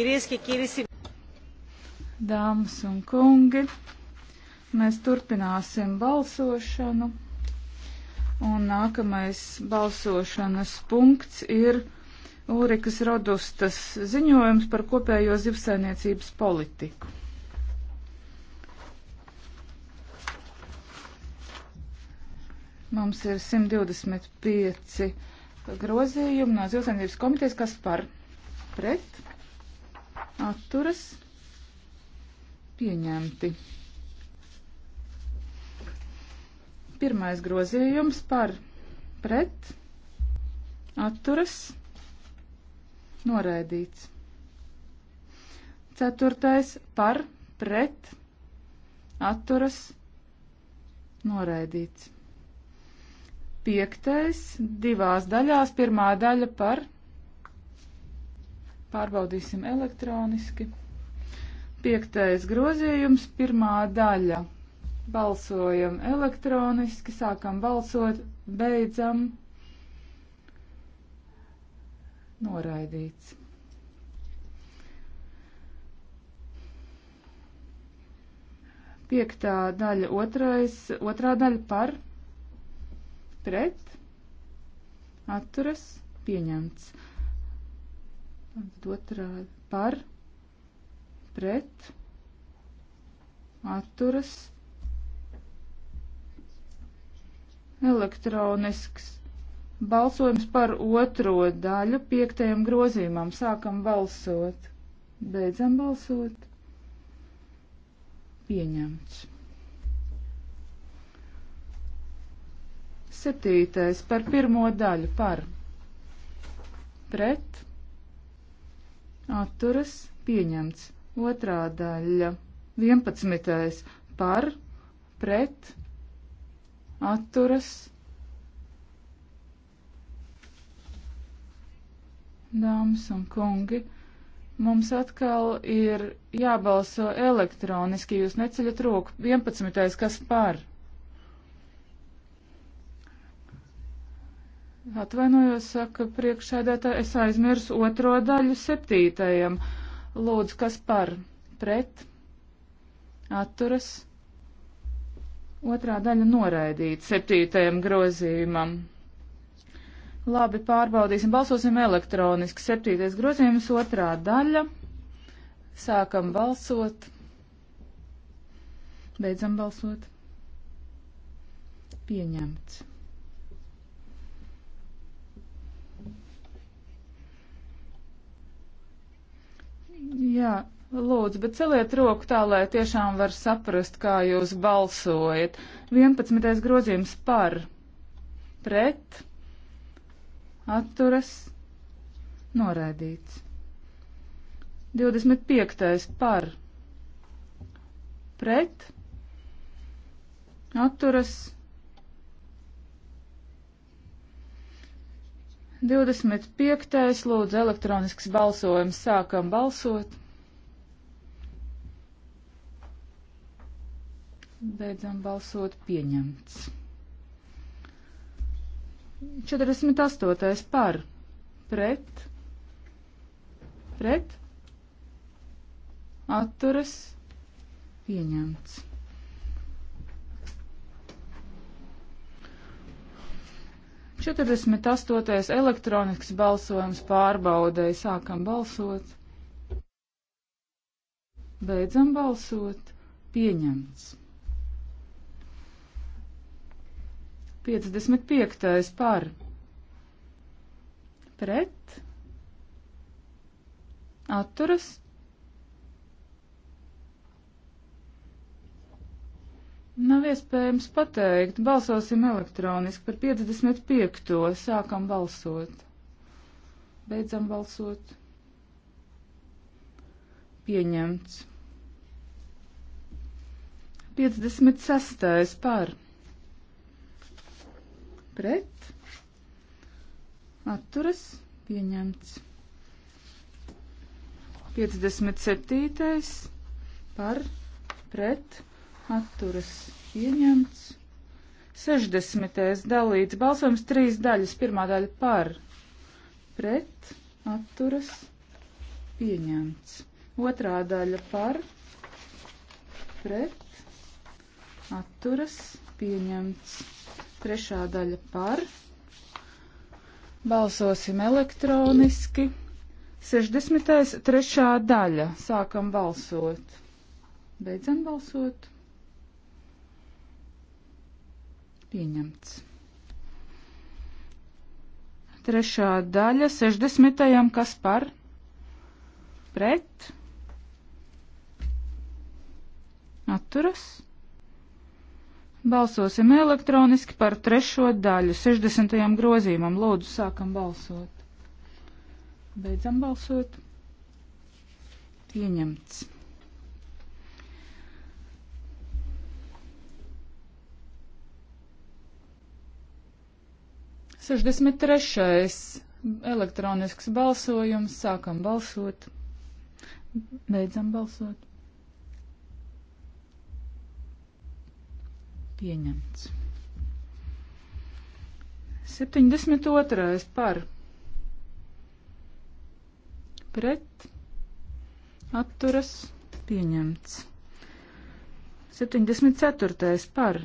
Κυρίες και κύριοι Dāmas un kungi, mēs turpināsim balsošanu. Un nākamais balsošanas punkts ir Ulrikas Rodustas ziņojums par kopējo zivsainiecības politiku. Mums ir 125 grozījumi no Zilsainības komitejas, kas par pret atturas pieņemti. Pirmais grozījums par pret atturas noraidīts. Ceturtais par pret atturas noraidīts. Piektais divās daļās, pirmā daļa par pret Pārbaudīsim elektroniski. Piektais grozījums, pirmā daļa. Balsojam elektroniski, sākam balsot, beidzam. Noraidīts. Piektā daļa, otrais, otrā daļa par, pret, atturas, pieņemts. Un tad otrā par, pret, atturas, elektronisks balsojums par otro daļu piektajam grozījumam. Sākam balsot, beidzam balsot. Pieņemts. Septītais par pirmo daļu par pret atturas pieņemts. Otrā daļa 11. par pret atturas Dāmas un kungi, mums atkal ir jābalso elektroniski, jūs neceļat roku 11. kas par? Atvainojos, saka priekšsēdētā, es aizmirsu otro daļu septītajam. Lūdzu, kas par pret atturas? Otrā daļa noraidīt septītajam grozījumam. Labi, pārbaudīsim, balsosim elektroniski. Septītais grozījums, otrā daļa. Sākam balsot. Beidzam balsot. Pieņemts. Jā, lūdzu, bet celiet roku tā, lai tiešām var saprast, kā jūs balsojat. 11. grozījums par, pret, atturas, noraidīts. 25. par, pret, atturas, noraidīts 25. lūdzu elektronisks balsojums. Sākam balsot. Beidzam balsot pieņemts. 48. par. Pret. Pret. Atturas. Pieņemts. 48. elektronisks balsojums pārbaudēji. Sākam balsot. Beidzam balsot. Pieņemts. 55. par. Pret. Atturas Nav iespējams pateikt. Balsosim elektroniski par 55. Sākam balsot. Beidzam balsot. Pieņemts. 56. par. Pret. Atturas. Pieņemts. 57. par. Pret atturas pieņemts. 60. dalīts balsojums trīs daļas. Pirmā daļa par, pret, atturas pieņemts. Otrā daļa par, pret, atturas pieņemts. Trešā daļa par. Balsosim elektroniski. 63. daļa. Sākam balsot. Beidzam balsot. Pieņemts. Trešā daļa 60. kas par? Pret? Atturas? Balsosim elektroniski par trešo daļu 60. grozījumam. Lūdzu, sākam balsot. Beidzam balsot. Pieņemts. 63. elektronisks balsojums. Sākam balsot. Beidzam balsot. Pieņemts. 72. par pret atturas pieņemts. 74. par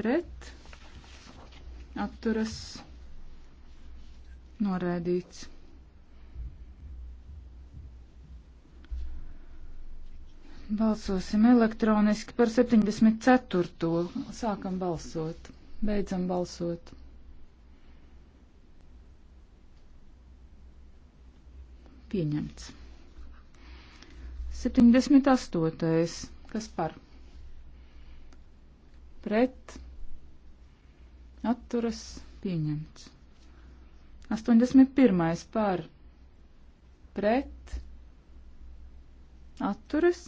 pret atturas norēdīts. Balsosim elektroniski par 74. Sākam balsot. Beidzam balsot. Pieņemts. 78. Kas par? Pret atturas pieņemts. 81. par pret atturas.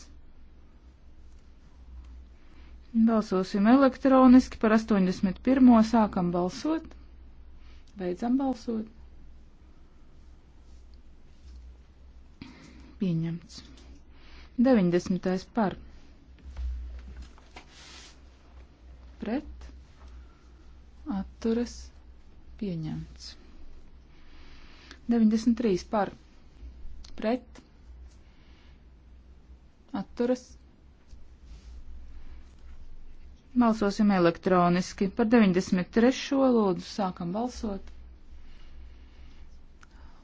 Balsosim elektroniski par 81. sākam balsot, beidzam balsot. Pieņemts. 90. par pret atturas pieņemts. 93 par pret atturas. Balsosim elektroniski. Par 93. lūdzu sākam balsot.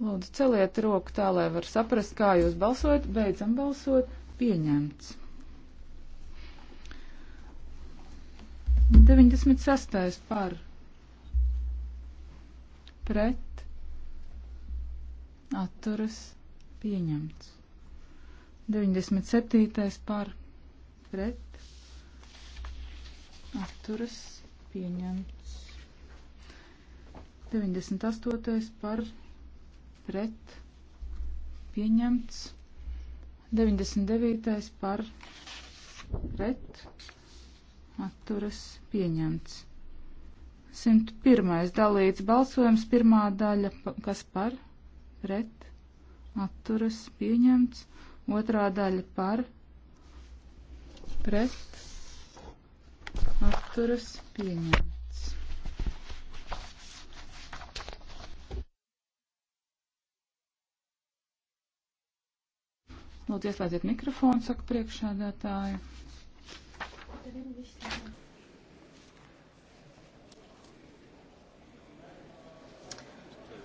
Lūdzu celiet roku tā, lai var saprast, kā jūs balsot. Beidzam balsot. Pieņemts. 96. par pret pret atturas pieņemts. 97. par pret atturas pieņemts. 98. par pret pieņemts. 99. par pret atturas pieņemts. 101. dalīts balsojums, pirmā daļa, kas par, pret, atturas, pieņemts, otrā daļa par, pret, atturas, pieņemts. Lūdzu, ieslēdziet mikrofonu, saka priekšādātāju. Thank you.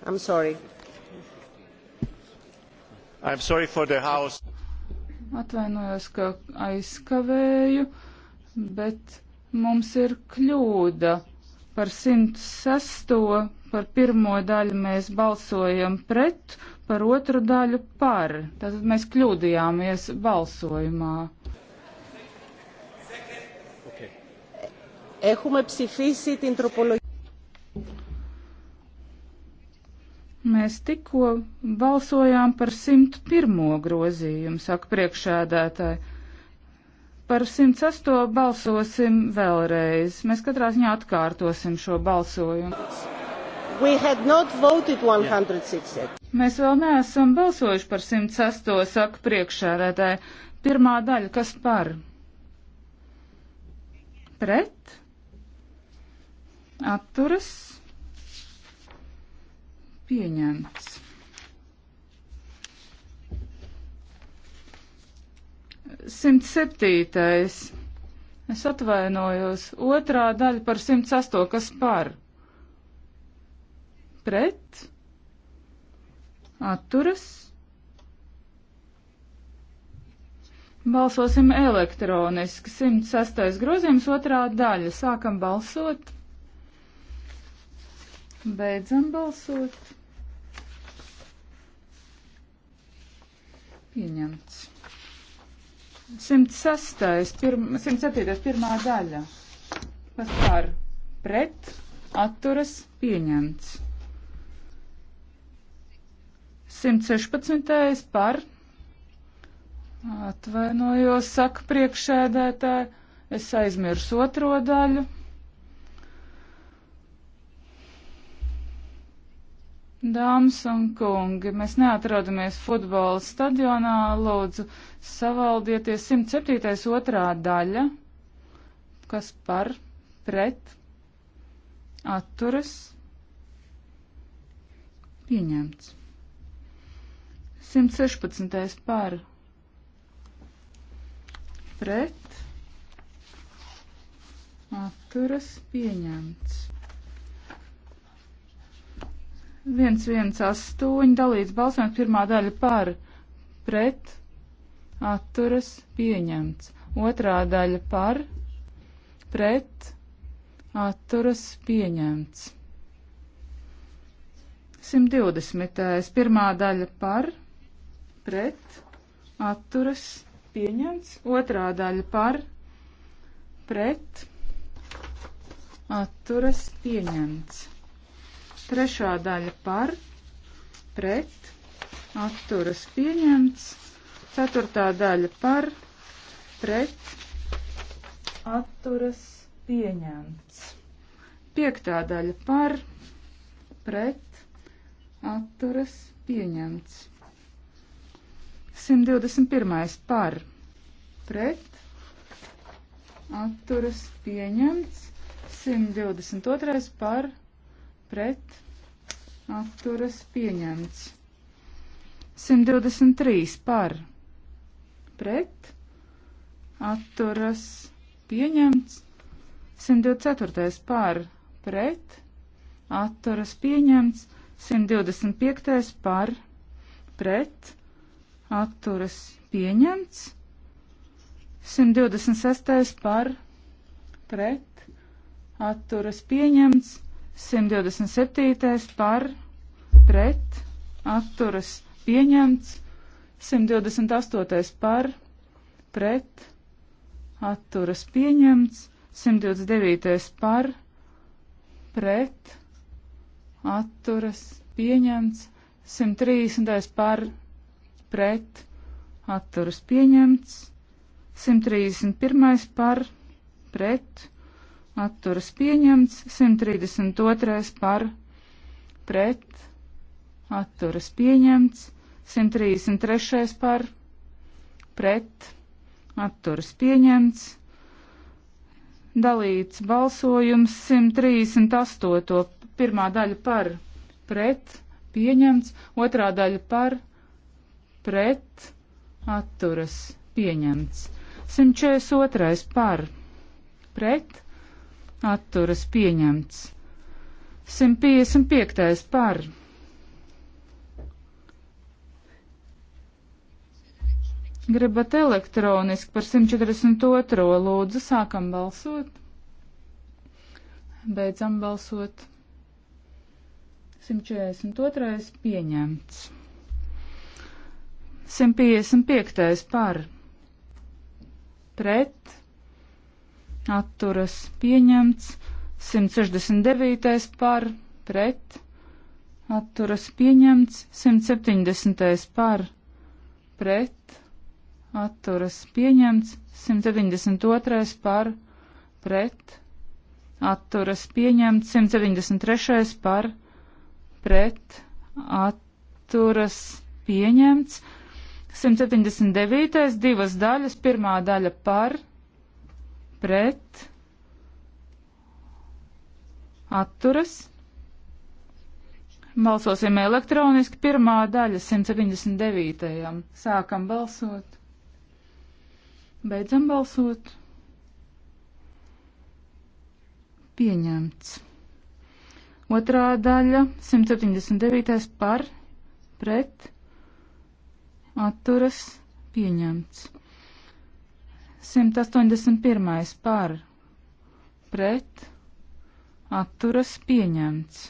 I'm sorry. I'm sorry for the house. Atvainojos, ka aizkavēju, bet mums ir kļūda. Par 106. par pirmo daļu mēs balsojam pret, par otru daļu par. Tātad mēs kļūdījāmies balsojumā. Έχουμε ψηφίσει την τροπολογία. Mēs tikko balsojām par 101. grozījumu, saka priekšēdētāji. Par 108. balsosim vēlreiz. Mēs katrā ziņā atkārtosim šo balsojumu. Mēs vēl neesam balsojuši par 108. saka priekšēdētāji. Pirmā daļa, kas par? Pret? Atturas? pieņemts. Simt septītais. Es atvainojos. Otrā daļa par 108, kas par. Pret. Atturas. Balsosim elektroniski. 106. grozījums, otrā daļa. Sākam balsot. Beidzam balsot. Pieņemts. 106. Pirma, 107. pirmā daļa. Kas par pret atturas pieņemts. 116. par atvainojos, saka priekšēdētāji, es aizmirsu otro daļu. Dāmas un kungi, mēs neatrodamies futbola stadionā, lūdzu, savaldieties 107. otrā daļa, kas par, pret, atturas, pieņemts. 116. par, pret, atturas, pieņemts. 118 dalīts balsojums pirmā daļa par pret atturas pieņemts. Otrā daļa par pret atturas pieņemts. 120. pirmā daļa par pret atturas pieņemts. Otrā daļa par pret atturas pieņemts. Trešā daļa par, pret, atturas pieņemts. Ceturtā daļa par, pret, atturas pieņemts. Piektā daļa par, pret, atturas pieņemts. 121. par, pret, atturas pieņemts. 122. par, pret pret atturas pieņemts. 123 par pret atturas pieņemts. 124 par pret atturas pieņemts. 125 par pret atturas pieņemts. 126 par pret atturas pieņemts. 127. par pret atturas pieņemts. 128. par pret atturas pieņemts. 129. par pret atturas pieņemts. 130. par pret atturas pieņemts. 131. par pret atturas pieņemts, 132. par pret, atturas pieņemts, 133. par pret, atturas pieņemts, dalīts balsojums 138. pirmā daļa par pret, pieņemts, otrā daļa par pret, atturas pieņemts, 142. par pret, atturas pieņemts. 155. par. Gribat elektroniski par 142. lūdzu, sākam balsot. Beidzam balsot. 142. pieņemts. 155. par. Pret atturas pieņemts, 169. par, pret, atturas pieņemts, 170. par, pret, atturas pieņemts, 172. par, pret, atturas pieņemts, 173. par, pret, atturas pieņemts, 179. divas daļas, pirmā daļa par, pret, pret, atturas. Balsosim elektroniski pirmā daļa 179. Sākam balsot. Beidzam balsot. Pieņemts. Otrā daļa 179. par, pret, atturas, pieņemts. 181. par pret atturas pieņemts.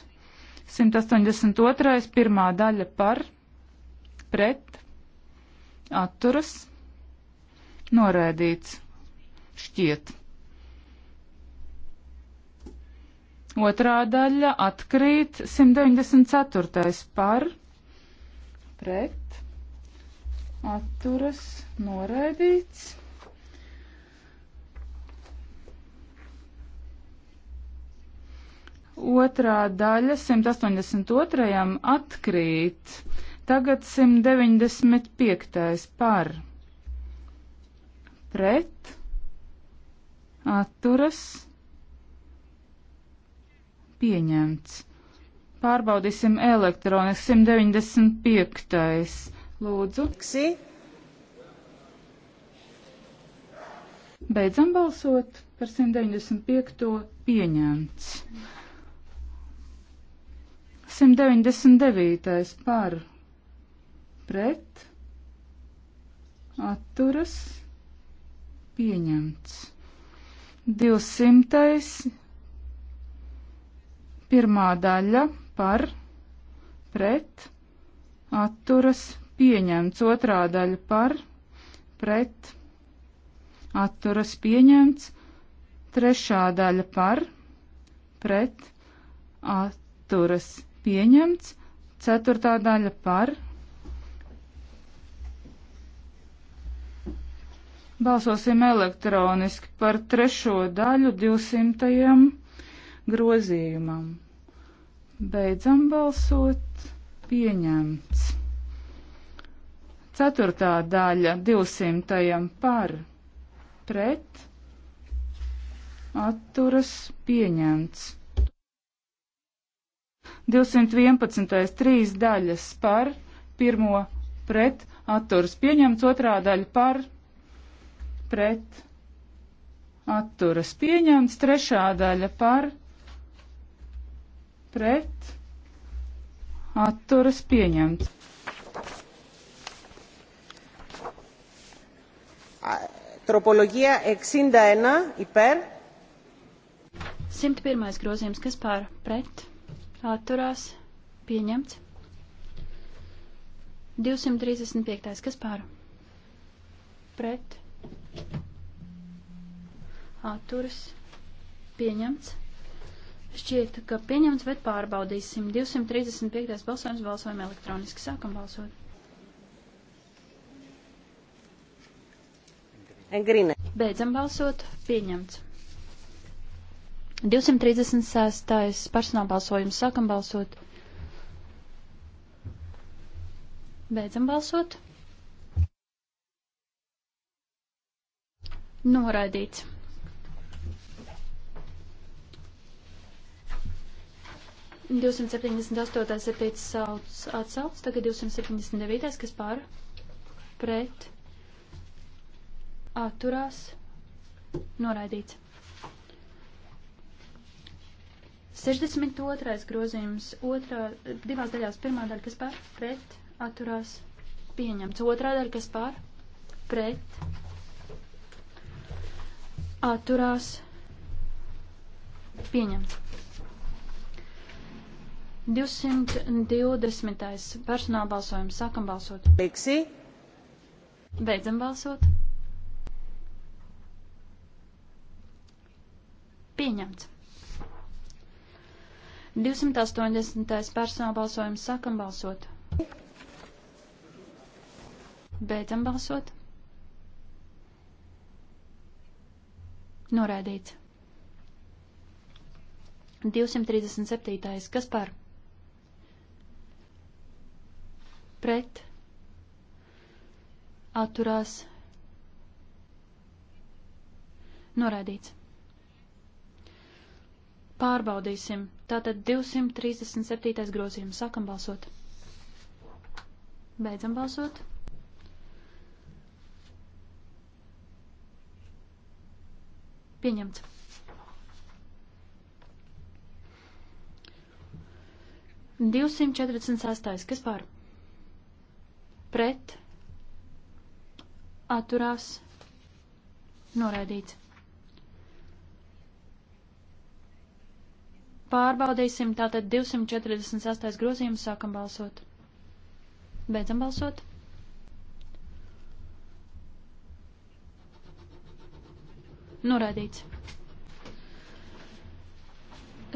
182. pirmā daļa par pret atturas norēdīts šķiet. Otrā daļa atkrīt 194. par pret atturas norēdīts. Otrā daļa 182. atkrīt. Tagad 195. par. Pret. Atturas. Pieņemts. Pārbaudīsim elektroniski 195. Lūdzu. Ksi. Beidzam balsot par 195. pieņemts. 199. par pret atturas pieņemts. 200. pirmā daļa par pret atturas pieņemts. Otrā daļa par pret atturas pieņemts. Trešā daļa par pret atturas pieņemts atturas pieņemts, ceturtā daļa par. Balsosim elektroniski par trešo daļu 200. grozījumam. Beidzam balsot. Pieņemts. Ceturtā daļa 200. par. Pret. Atturas pieņemts. 211. trīs daļas par, pirmo pret, atturs pieņemts, otrā daļa par, pret, atturas pieņemts, trešā daļa par, pret, atturas pieņemts. Tropoloģija 61 υπέρ. 101. grozījums, kas pār pret? atturās, pieņemts. 235. kas pār? Pret, atturas, pieņemts. Šķiet, ka pieņemts, bet pārbaudīsim. 235. balsojums balsojam elektroniski. Sākam balsot. Engrine. Beidzam balsot. Pieņemts. 236. personāla balsojums. Sākam balsot. Beidzam balsot. Noraidīts. Divsimt septiņdesmit astotais ir ticis atcelts, tagad divsimt septiņdesmit devītais, kas pār, pret, atturās, noraidīts. 62. grozījums otrā, divās daļās. Pirmā daļa, kas par, pret, atturās, pieņemts. Otrā daļa, kas par, pret, atturās, pieņemts. 220. personāla balsojums. Sākam balsot. Liksi. Beidzam balsot. Pieņemts. 280. personāla balsojums sākam balsot. Beidzam balsot. Noraidīts. 237. Kas par? Pret. Atturās. Noraidīts. Pārbaudīsim. Tātad 237. grozījums. Sākam balsot. Beidzam balsot. Pieņemts. Divsimt četrdesmit sastais. Kas pār? Pret. Atturās. Noraidīts. Pārbaudīsim tātad 248. grozījums, sākam balsot. Beidzam balsot. Norādīts.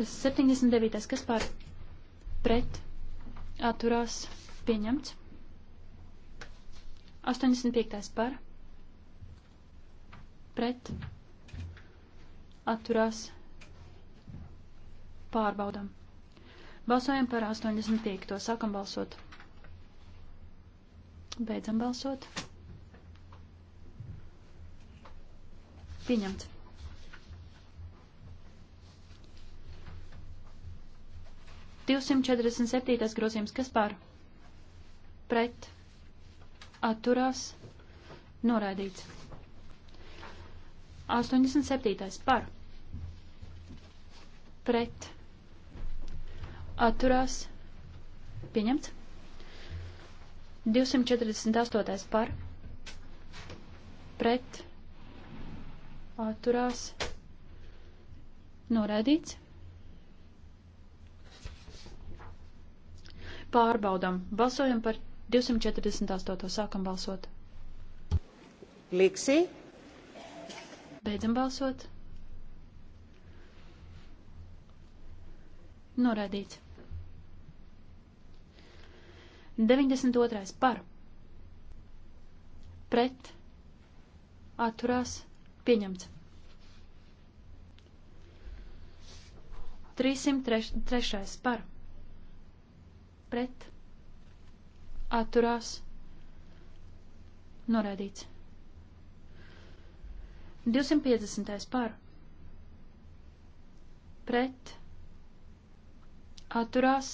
79. kas pār pret atturās pieņemts. 85. par pret atturās pieņemts Pārbaudam. Balsojam par 85. To sākam balsot. Beidzam balsot. Pieņemts. Divsimt četrdesmit septītais grozījums, kas pār? Pret. Atturās. Noraidīts. 87. par. Pret atturās pieņemts. 248. par pret atturās noraidīts. Pārbaudam. Balsojam par 248. Sākam balsot. Liksi. Beidzam balsot. Noraidīts. 92. par pret atturās pieņemts. 303. par pret atturās norādīts. 250. par pret atturās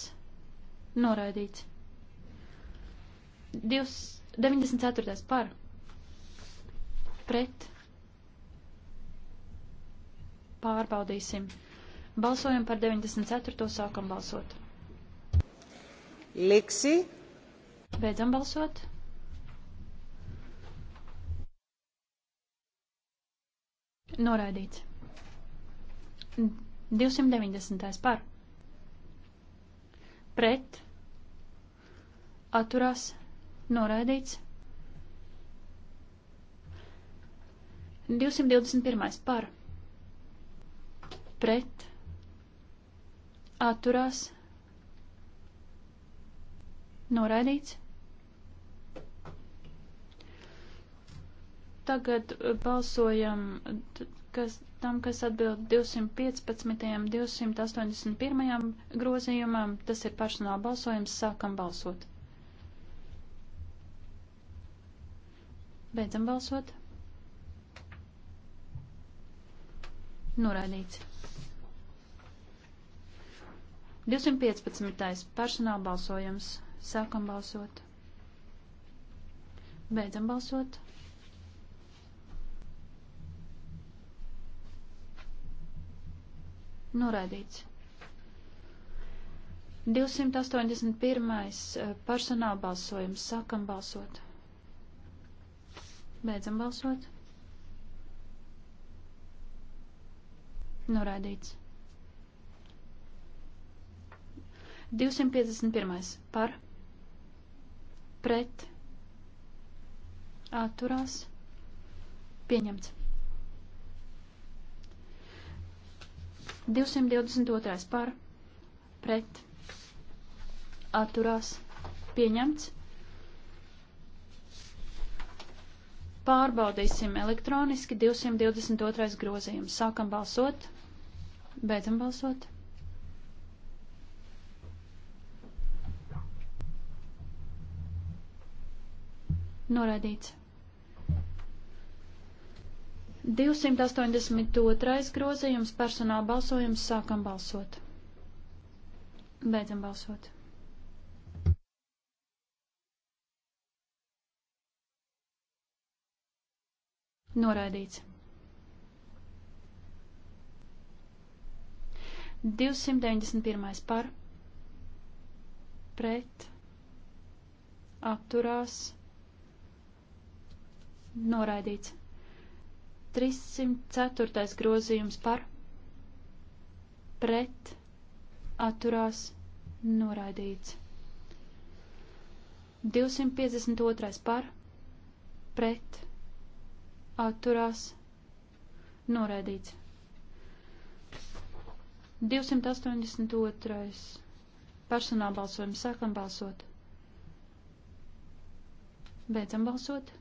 norādīts. 94. par pret pārbaudīsim. Balsojam par 94. sākam balsot. Liksi. Beidzam balsot. Noraidīts. 290. par. Pret. Atturās Noraidīts. 221. par. Pret. Atturās. Noraidīts. Tagad uh, balsojam kas, tam, kas atbild 215. 281. grozījumam. Tas ir personāla balsojums. Sākam balsot. Beidzam balsot. Noraidīts. 215. personāla balsojums. Sākam balsot. Beidzam balsot. Noraidīts. 281. Eh, personāla balsojums. Sākam balsot. Beidzam balsot. Norādīts. 251. par pret atturās pieņemts. 222. par pret atturās pieņemts. Pārbaudīsim elektroniski 222. grozījumu. Sākam balsot. Beidzam balsot. Noraidīts. 282. grozījums personāla balsojums. Sākam balsot. Beidzam balsot. Noraidīts. 291. par pret atturās noraidīts. 304. grozījums par pret atturās noraidīts. 252. par pret atturās noraidīts. 282. Personāla balsojums sākam balsot. Beidzam balsot.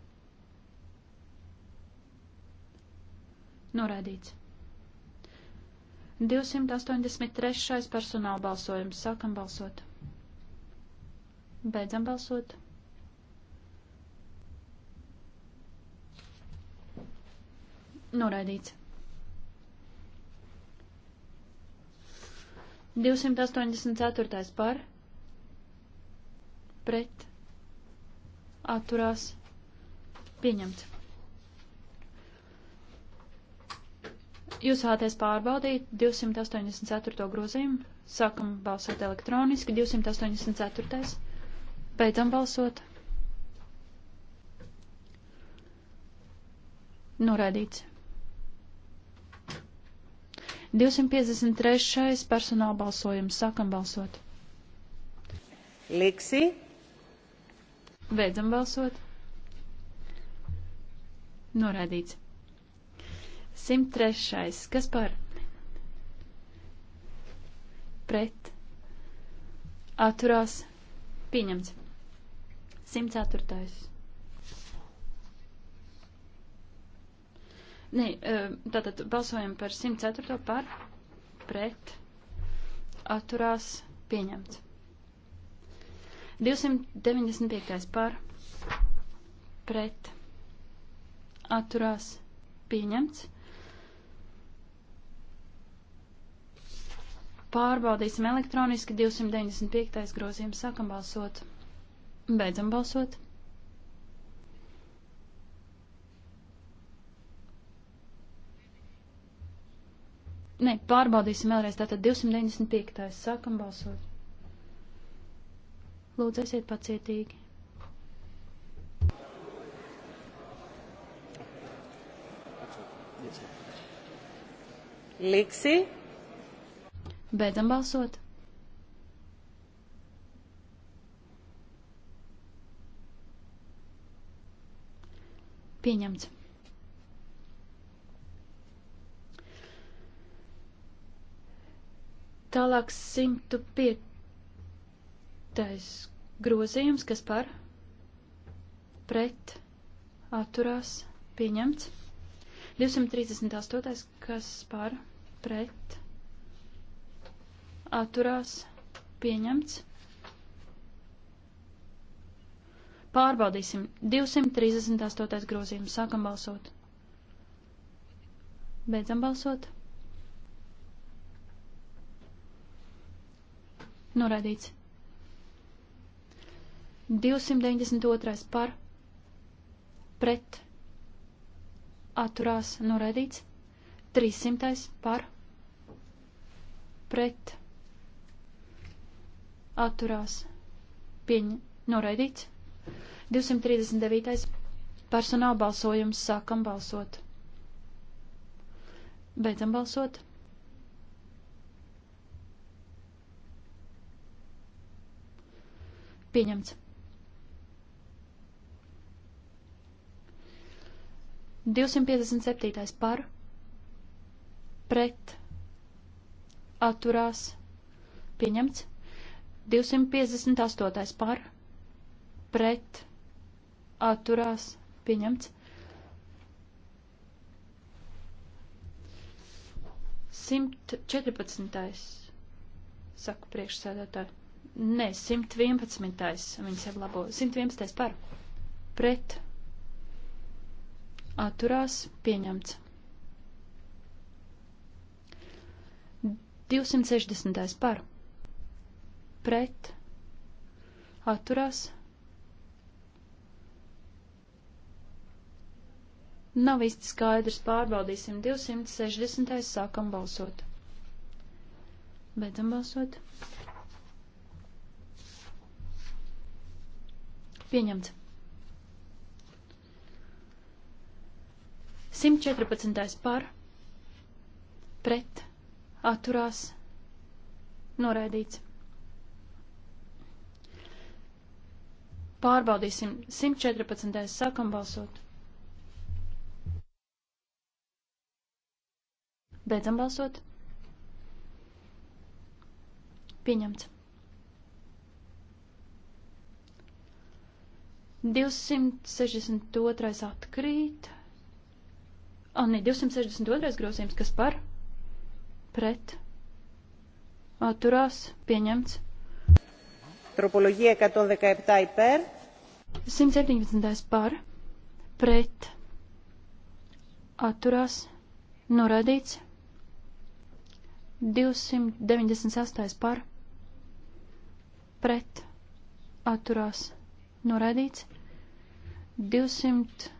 Noraidīts. 283. personāla balsojums. Sākam balsot. Beidzam balsot. Noraidīts. 284. par pret atturās pieņemts. Jūs vēlaties pārbaudīt 284. grozījumu, sākam balsot elektroniski, 284. beidzam balsot. Noraidīts. 253. personāla balsojums. Sākam balsot. Liksi. Beidzam balsot. Norādīts. 103. Kas par? Pret. Atturās. Pieņemts. 104. Nē, e, tātad balsojam par 104. par pret atturās pieņemts. 295. par pret atturās pieņemts. Pārbaudīsim elektroniski 295. grozījums. Sākam balsot. Beidzam balsot. Ne, pārbaudīsim vēlreiz. Tātad 295. sākam balsot. Lūdzu, esiet pacietīgi. Liksi. Beidzam balsot. Pieņemts. Tālāk 105. grozījums, kas par pret atturās pieņemts. 238. kas par pret atturās pieņemts. Pārbaudīsim. 238. grozījums. Sākam balsot. Beidzam balsot. Norādīts. 292. par pret atturās norādīts. 300. par pret atturās pieņ norādīts. 239. personāla balsojums sākam balsot. Beidzam balsot. Pieņemts. Divsimt piecdesmit septītais par, pret, atturās, pieņemts. 258. par, pret, atturās, pieņemts. 114. saka priekšsēdētāji. Nē, 111. Viņas ir labo. 111. par. Pret. Atturās. Pieņemts. 260. par. Pret. Atturās. Nav īsti skaidrs. Pārbaudīsim 260. sākam balsot. Beidzam balsot. Pieņemts. 114. par, pret, atturās, noraidīts. Pārbaudīsim 114. sākam balsot. Beidzam balsot. Pieņemts. 262. atkrīt. O, ne, 262. grozījums, kas par? Pret. Atturās. Pieņemts. Tropoloģija 117 υπέρ. 117. par. Pret. Atturās. Norādīts. 298 par. Pret. Atturās. Norādīts. 200.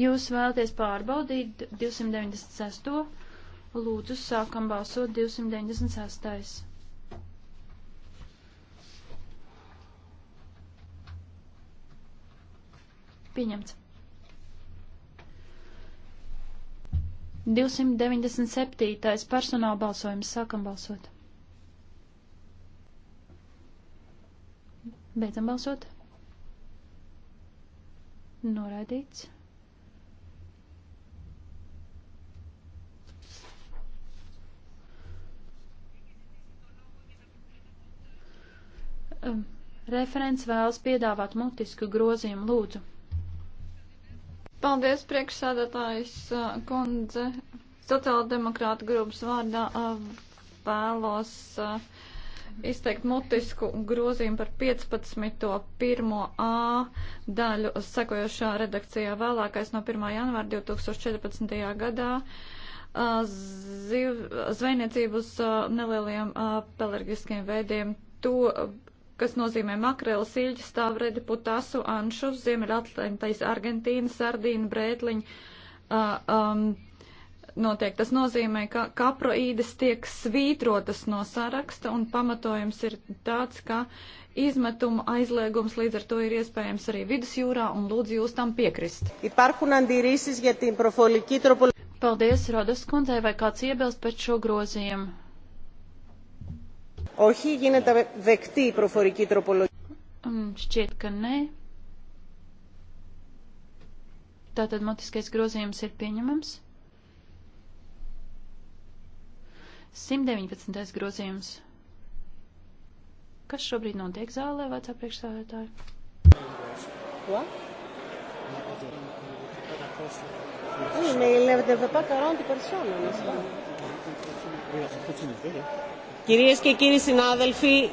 Jūs vēlaties pārbaudīt 296. Lūdzu, sākam balsot 296. Pieņemts. 297. personāla balsojums. Sākam balsot. Beidzam balsot. Noraidīts. Um, referents vēlas piedāvāt mutisku grozījumu lūdzu. Paldies, priekšsādātājs uh, kundze. Sociāldemokrāta grupas vārdā uh, vēlos. Uh, izteikt mutisku grozījumu par 15.1a daļu sekojošā redakcijā vēlākais no 1. janvāra 2014. gadā ziv, zvejniecību uz nelieliem pelergiskiem veidiem. To, kas nozīmē makrēlu, siļķi, stāvredi, putasu, anšu, ziemeļatlantijas, Argentīnu, sardīnu, brētliņu. Uh, um, notiek. Tas nozīmē, ka kaproīdes tiek svītrotas no saraksta un pamatojums ir tāds, ka izmetuma aizliegums līdz ar to ir iespējams arī vidusjūrā un lūdzu jūs tam piekrist. Paldies, Rodas kundze, vai kāds iebilst pēc šo grozījumu? Ohi, γίνεται δεκτή η προφορική τροπολογία. Mm, šķiet, ka nē. Tātad mutiskais grozījums ir pieņemams. 119. grozījums. Kas šobrīd notiek zālē, vecā priekšsādātāja? Oui, mais il ne devait pas 40 personnes, n'est-ce pas Κυρίες και κύριοι συνάδελφοι,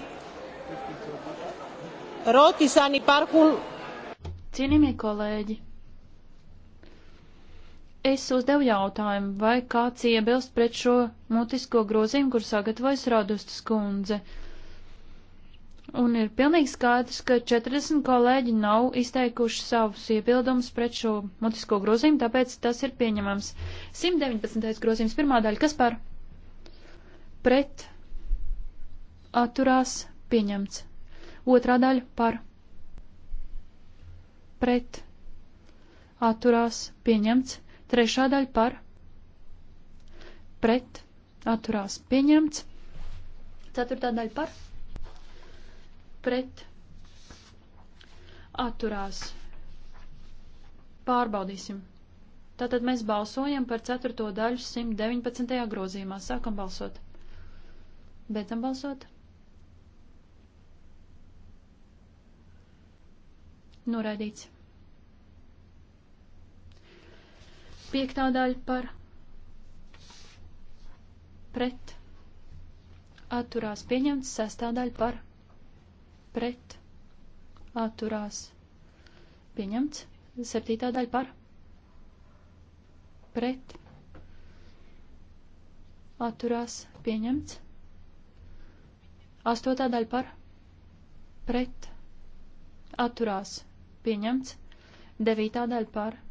ρώτησαν υπάρχουν... Cienījamie kolēģi, Es uzdevu jautājumu, vai kāds iebilst pret šo mutisko grozījumu, kur sagatavojas Radustas kundze. Un ir pilnīgi skaidrs, ka 40 kolēģi nav izteikuši savus iebildumus pret šo mutisko grozījumu, tāpēc tas ir pieņemams. 119. grozījums pirmā daļa, kas par pret atturās pieņemts. Otrā daļa par pret atturās pieņemts. Trešā daļa par pret atturās pieņemts. Ceturtā daļa par pret atturās. Pārbaudīsim. Tātad mēs balsojam par ceturto daļu 119. grozījumā. Sākam balsot. Beidzam balsot. Noraidīts. Piektā daļa par pret atturās pieņemts. Sestā daļa par pret atturās pieņemts. Septītā daļa par pret atturās pieņemts. Astotā daļa par pret atturās pieņemts. Devītā daļa par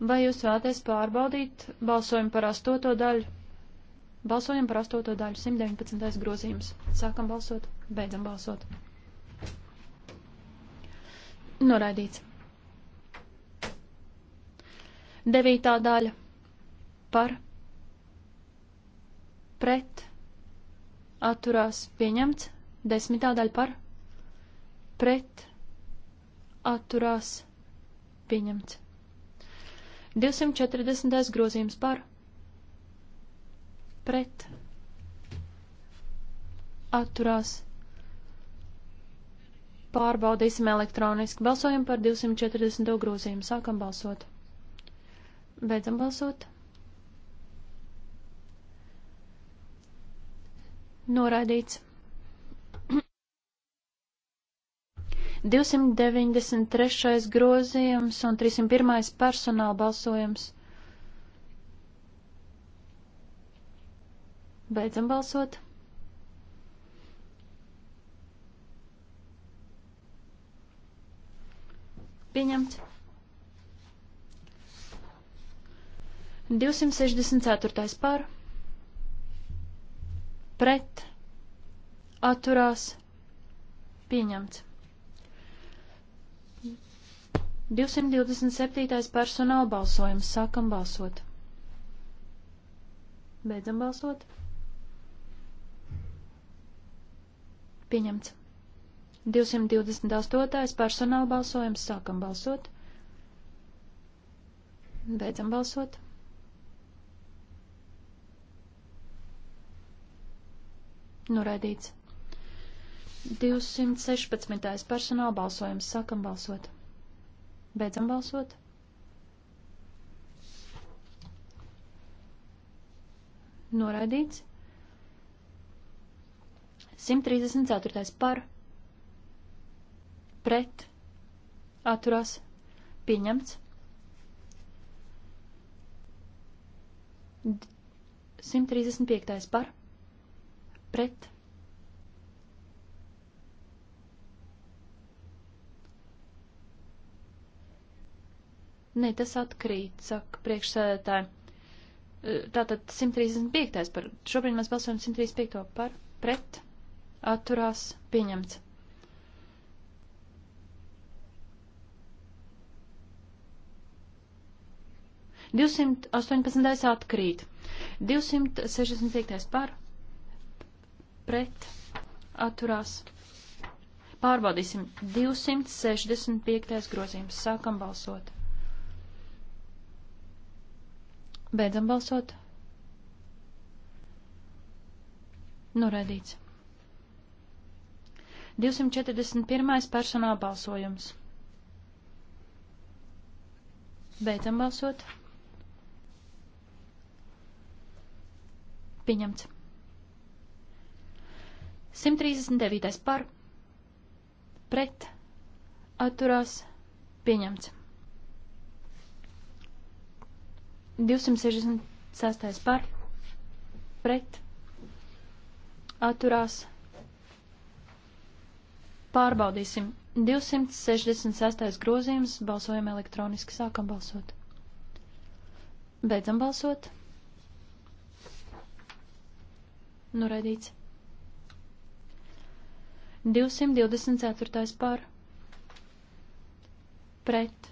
Vai jūs vēlaties pārbaudīt balsojumu par astoto daļu? Balsojam par astoto daļu, 119. grozījums. Sākam balsot, beidzam balsot. Noraidīts. Devītā daļa par pret atturās pieņemts. Desmitā daļa par pret atturās pieņemts. 240. grozījums par pret atturās. Pārbaudīsim elektroniski. Balsojam par 240. grozījumu. Sākam balsot. Beidzam balsot. Noraidīts. 293. grozījums un 301. personāla balsojums. Beidzam balsot. Pieņemts. 264. par pret atturās pieņemts. 227. personāla balsojums. Sākam balsot. Beidzam balsot. Pieņemts. 228. personāla balsojums. Sākam balsot. Beidzam balsot. Noraidīts. 216. personāla balsojums. Sākam balsot. Beidzam balsot. Noraidīts. 134. par pret atturās pieņemts. 135. par pret Nē, tas atkrīt, saka priekšsēdētāji. E, tātad 135. par. Šobrīd mēs balsojam 135. par. Pret. Atturās. Pieņemts. Divsimt astoņpadsmitais atkrīt. Divsimt sešdesmit piektais par. Pret. Atturās. Pārbaudīsim. 265. grozījums. Sākam balsot. Beidzam balsot. Noraidīts. 241. personāla balsojums. Beidzam balsot. Pieņemts. 139. par. Pret. Atturās. Pieņemts. 266 par, pret, atturās. Pārbaudīsim. 266. grozījums balsojam elektroniski, sākam balsot. Beidzam balsot. Noraidīts. 224. pār. Pret.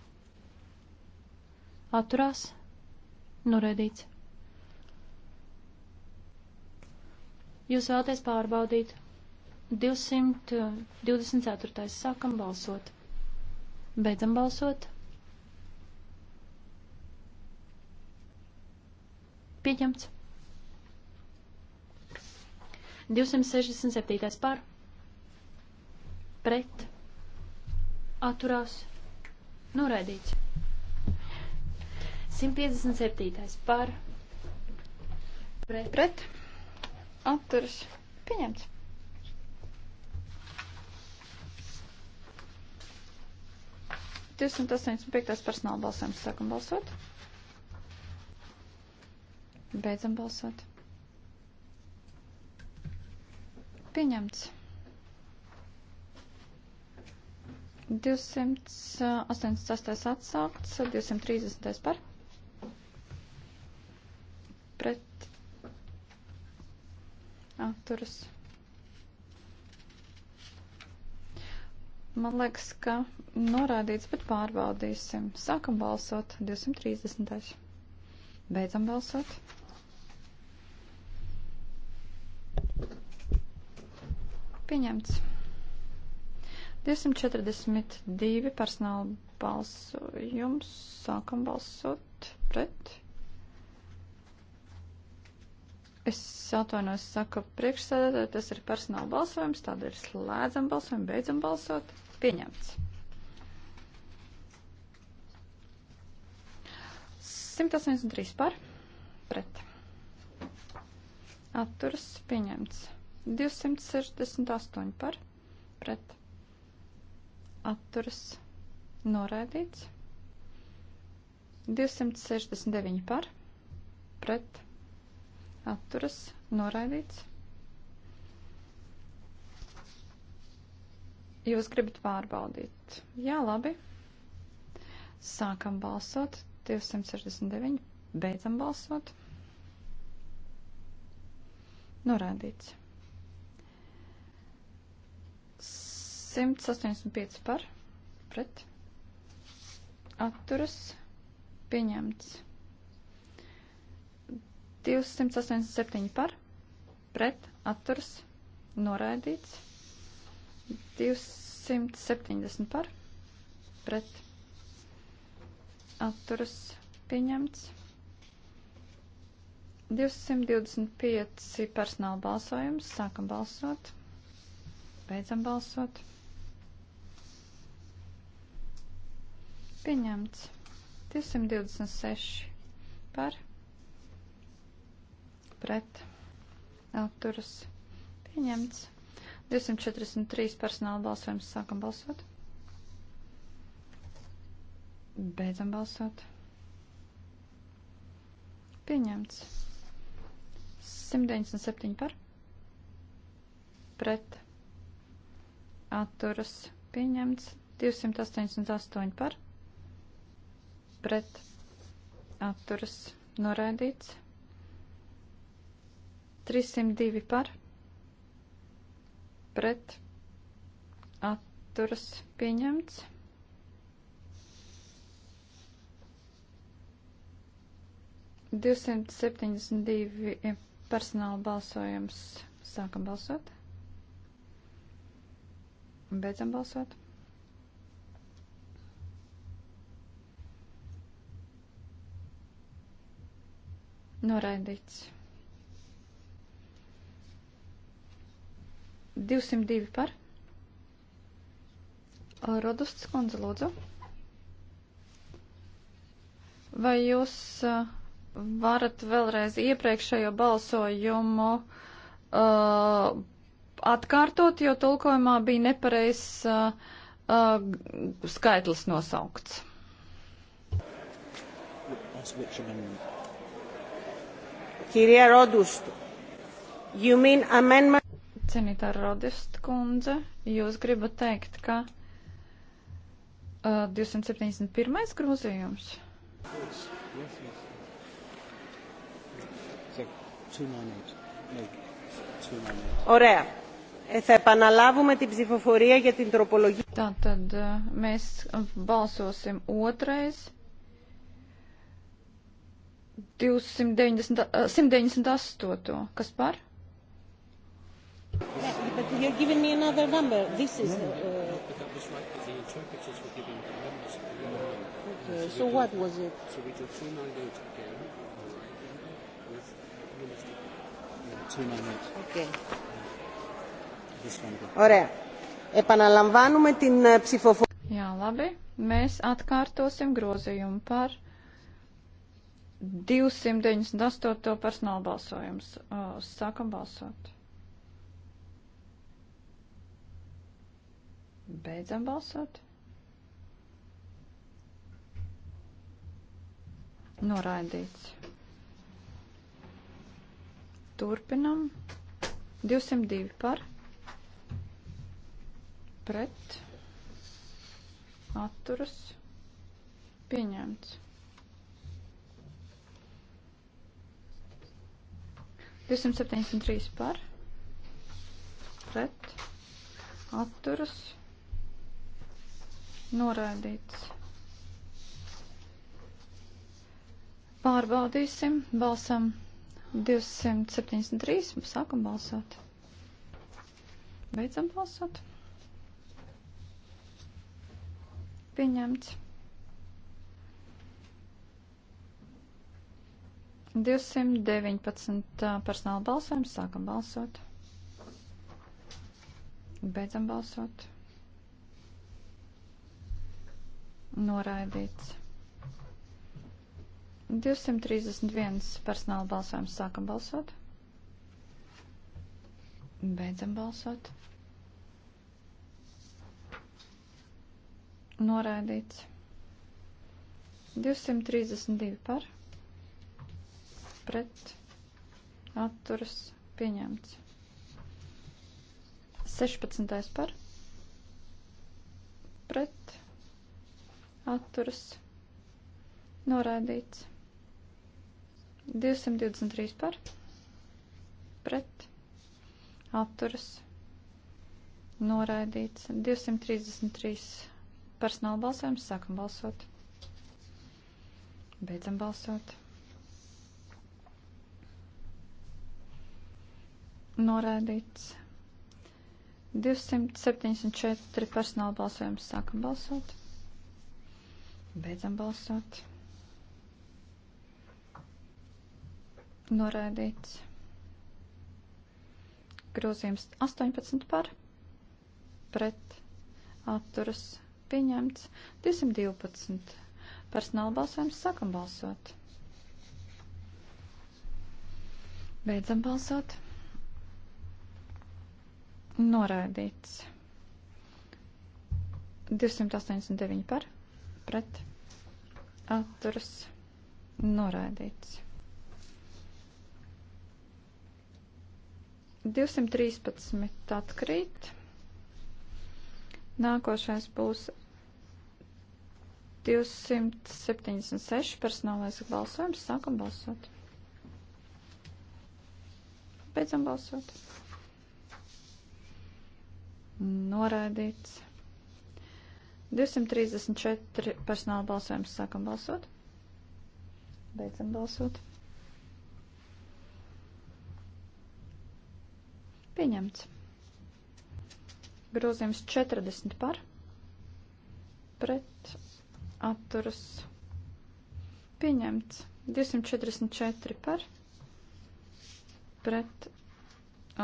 Atturās. Noraidīts. Jūs vēlaties pārbaudīt 224. sākam balsot. Beidzam balsot. Pieņemts. 267. par. Pret. Atturās. Noraidīts. 157. par pret, pret atturas pieņemts. Divsimt astoņdesmit piektais personāla balsojums. Sākam balsot. Beidzam balsot. Pieņemts. 288 atsaukts, 230 par pret atturas. Man liekas, ka norādīts, bet pārbaudīsim. Sākam balsot 230. Beidzam balsot. Pieņemts. 242 personāla balsojums. Sākam balsot pret. Es atvainojos, saka priekšsēdētāji, tas ir personāla balsojums, tādēļ slēdzam balsojumu, beidzam balsot. Pieņemts. 183 par, pret. Atturas pieņemts. 268 par, pret. Atturas noraidīts. 269 par, pret atturas noraidīts. Jūs gribat pārbaudīt. Jā, labi. Sākam balsot. 269. Beidzam balsot. Norādīts. 185 par. Pret. Atturas. Pieņemts. 287 par, pret, atturas, noraidīts. 270 par, pret, atturas, pieņemts. 225 personāla balsojums, sākam balsot, beidzam balsot. Pieņemts. 226 par, pret atturas pieņemts. 243 personāla balsojums sākam balsot. Beidzam balsot. Pieņemts. 197 par. Pret. Atturas. Pieņemts. 288 par. Pret. Atturas. Noraidīts. 302 par pret atturas pieņemts. Divsimt septiņdesmit divi personāla balsojums. Sākam balsot. Beidzam balsot. Noraidīts. 202 par. Rodusts kundze, lūdzu. Vai jūs varat vēlreiz iepriekšējo balsojumu uh, atkārtot, jo tulkojumā bija nepareizs uh, uh, skaitlis nosaukts? Kirija Rodust, you mean amendment? cienītā Rodist kundze, jūs gribat teikt, ka uh, 271. grozījums? Yes, yes, yes. Ωραία. Θα επαναλάβουμε την ψηφοφορία για την τροπολογία. Tātad uh, mēs balsosim otrais 298. Uh, Kas par? Yeah, but you're giving me another number. This is. No, uh, no, but that was right. The interpreters were giving the numbers. Okay. So, so what do, was it? So we do two nine eight again. All right. With Minister. Yeah, two nine eight. Okay. This number. Ωραία. Επαναλαμβάνουμε την ψηφοφορία. Jā, labi. Mēs atkārtosim grozījumu par 298. personāla balsojums. Sākam balsot. Beidzam balsot. Noraidīts. Turpinam. 202 par. Pret. Atturas. Pieņemts. 273 par. Pret. Atturas. Pieņemts Noraidīts. Pārbaudīsim, balsam 273, sākam balsot. Beidzam balsot. Pieņemts. 219 personāla balsojums, sākam balsot. Beidzam balsot. Noraidīts. 231 personāla balsojums sākam balsot. Beidzam balsot. Noraidīts. 232 par. Pret. Atturas. Pieņemts. 16 par. Pret atturas noraidīts. 223 par pret atturas noraidīts. 233 personāla balsojums sākam balsot. Beidzam balsot. Noraidīts. 274 personāla balsojums sākam balsot. Beidzam balsot. Noraidīts. Grozījums 18 par. Pret. Atturas. Pieņemts. 212. Personāla balsojums sākam balsot. Beidzam balsot. Noraidīts. 289 par pret atturas noraidīts. 213 atkrīt. Nākošais būs 276 personālais balsojums. Sākam balsot. Beidzam balsot. Noraidīts. 234 personāla balsojums. Sākam balsot. Beidzam balsot. Pieņemts. Grozījums 40 par. Pret atturas. Pieņemts. 244 par. Pret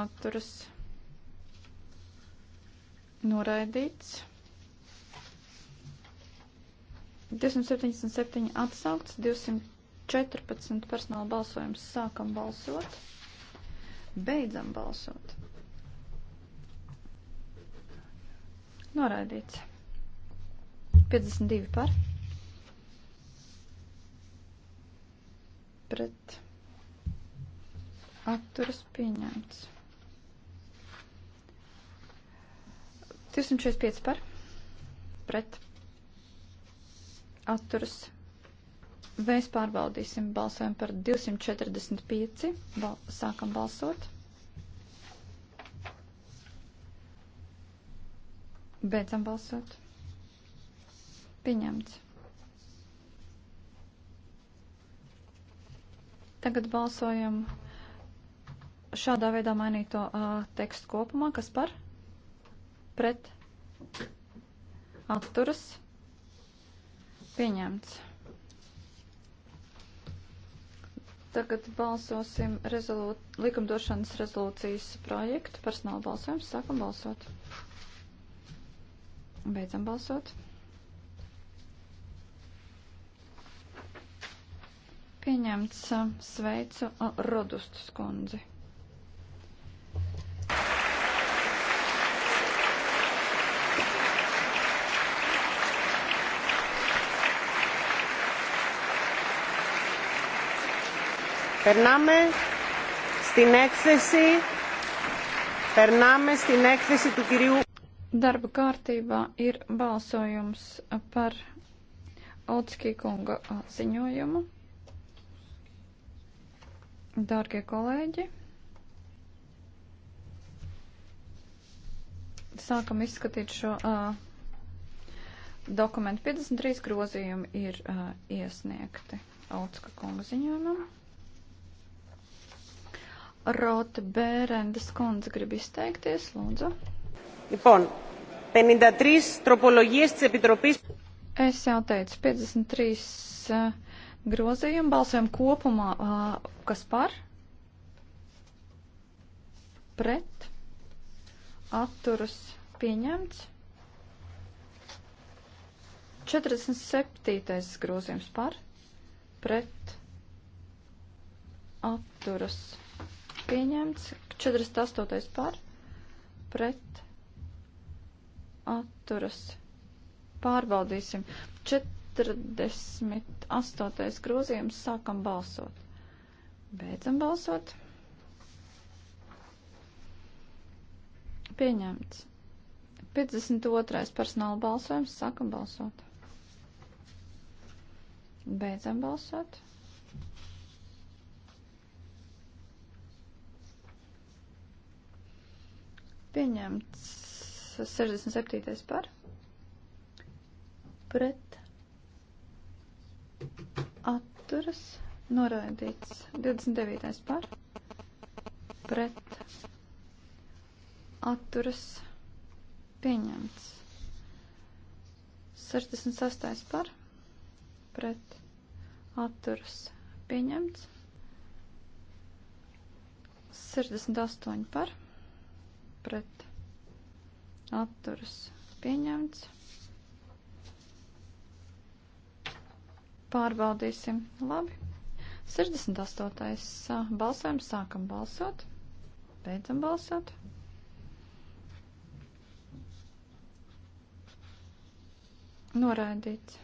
atturas. Noraidīts. 277 atsaukts, 214 personāla balsojums sākam balsot, beidzam balsot. Noraidīts. 52 par. Pret. Atturas pieņemts. 245 par. Pret atturas. Mēs pārbaudīsim balsojumu par 245. Bal sākam balsot. Beidzam balsot. Pieņemts. Tagad balsojam šādā veidā mainīto uh, tekstu kopumā, kas par pret atturas. Pieņemts. Tagad balsosim rezolūt, likumdošanas rezolūcijas projektu. Personāla balsojums. Sākam balsot. Beidzam balsot. Pieņemts sveicu Rodustu skundzi. Περνάμε στην έκθεση, περνάμε στην έκθεση του κυρίου. Darba kārtībā ir balsojums par Otskī kunga ziņojumu. Dārgie kolēģi, sākam izskatīt šo uh, dokumentu. 53 grozījumi ir uh, iesniegti Otska kunga ziņojumam. Rota Bērendas kundze grib izteikties, lūdzu. Λοιπόν, 53 τροπολογίες της Επιτροπής. Es jau teicu, 53 grozījumi balsojam kopumā, kas par, pret, atturas pieņemts. 47. grozījums par, pret, atturas pieņemts pieņemts. 48. par pret atturas pārbaudīsim. 48. grozījums sākam balsot. Beidzam balsot. Pieņemts. 52. personāla balsojums sākam balsot. Beidzam balsot. Pieņemts 67. par. Pret. Atturas. Noraidīts 29. par. Pret. Atturas. Pieņemts 68. par. Pret. Atturas. Pieņemts 68 par pret atturas pieņemts. Pārbaudīsim. Labi. 68. balsojums. Sākam balsot. Beidzam balsot. Noraidīts.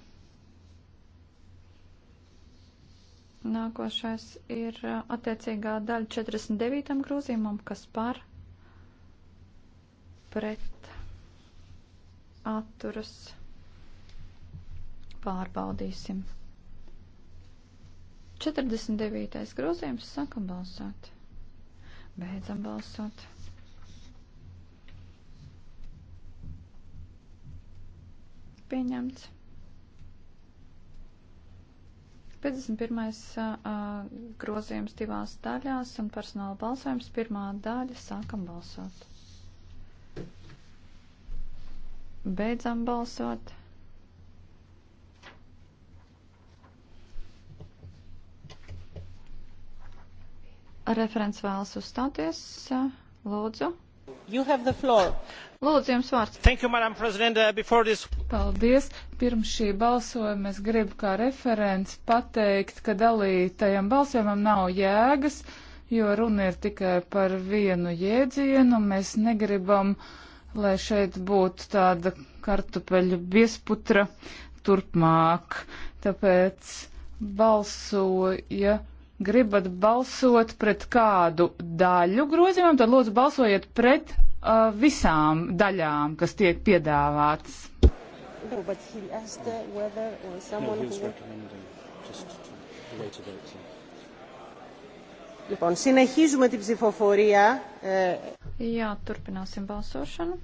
Nākošais ir attiecīgā daļa 49. grozījumam, kas par pret atturas pārbaudīsim. 49. grozījums sākam balsot. Beidzam balsot. Pieņemts. 51. grozījums divās daļās un personāla balsojums pirmā daļa sākam balsot. Beidzam balsot. Referents vēlas uzstāties. Lūdzu. Lūdzu, jums vārds. Thank you, Madam President. Uh, before this... Paldies. Pirms šī balsojuma es gribu kā referents pateikt, ka dalītajam balsojumam nav jēgas, jo runa ir tikai par vienu jēdzienu. Mēs negribam uh, lai šeit būtu tāda kartupeļu biesputra turpmāk. Tāpēc balsoju, ja gribat balsot pret kādu daļu grozījumam, tad lūdzu balsojiet pret uh, visām daļām, kas tiek piedāvātas. No, but he asked whether uh, someone no, he was who... recommending just to, the way to vote. So. Λοιπόν, συνεχίζουμε την ψηφοφορία. Jā, turpināsim balsošanu.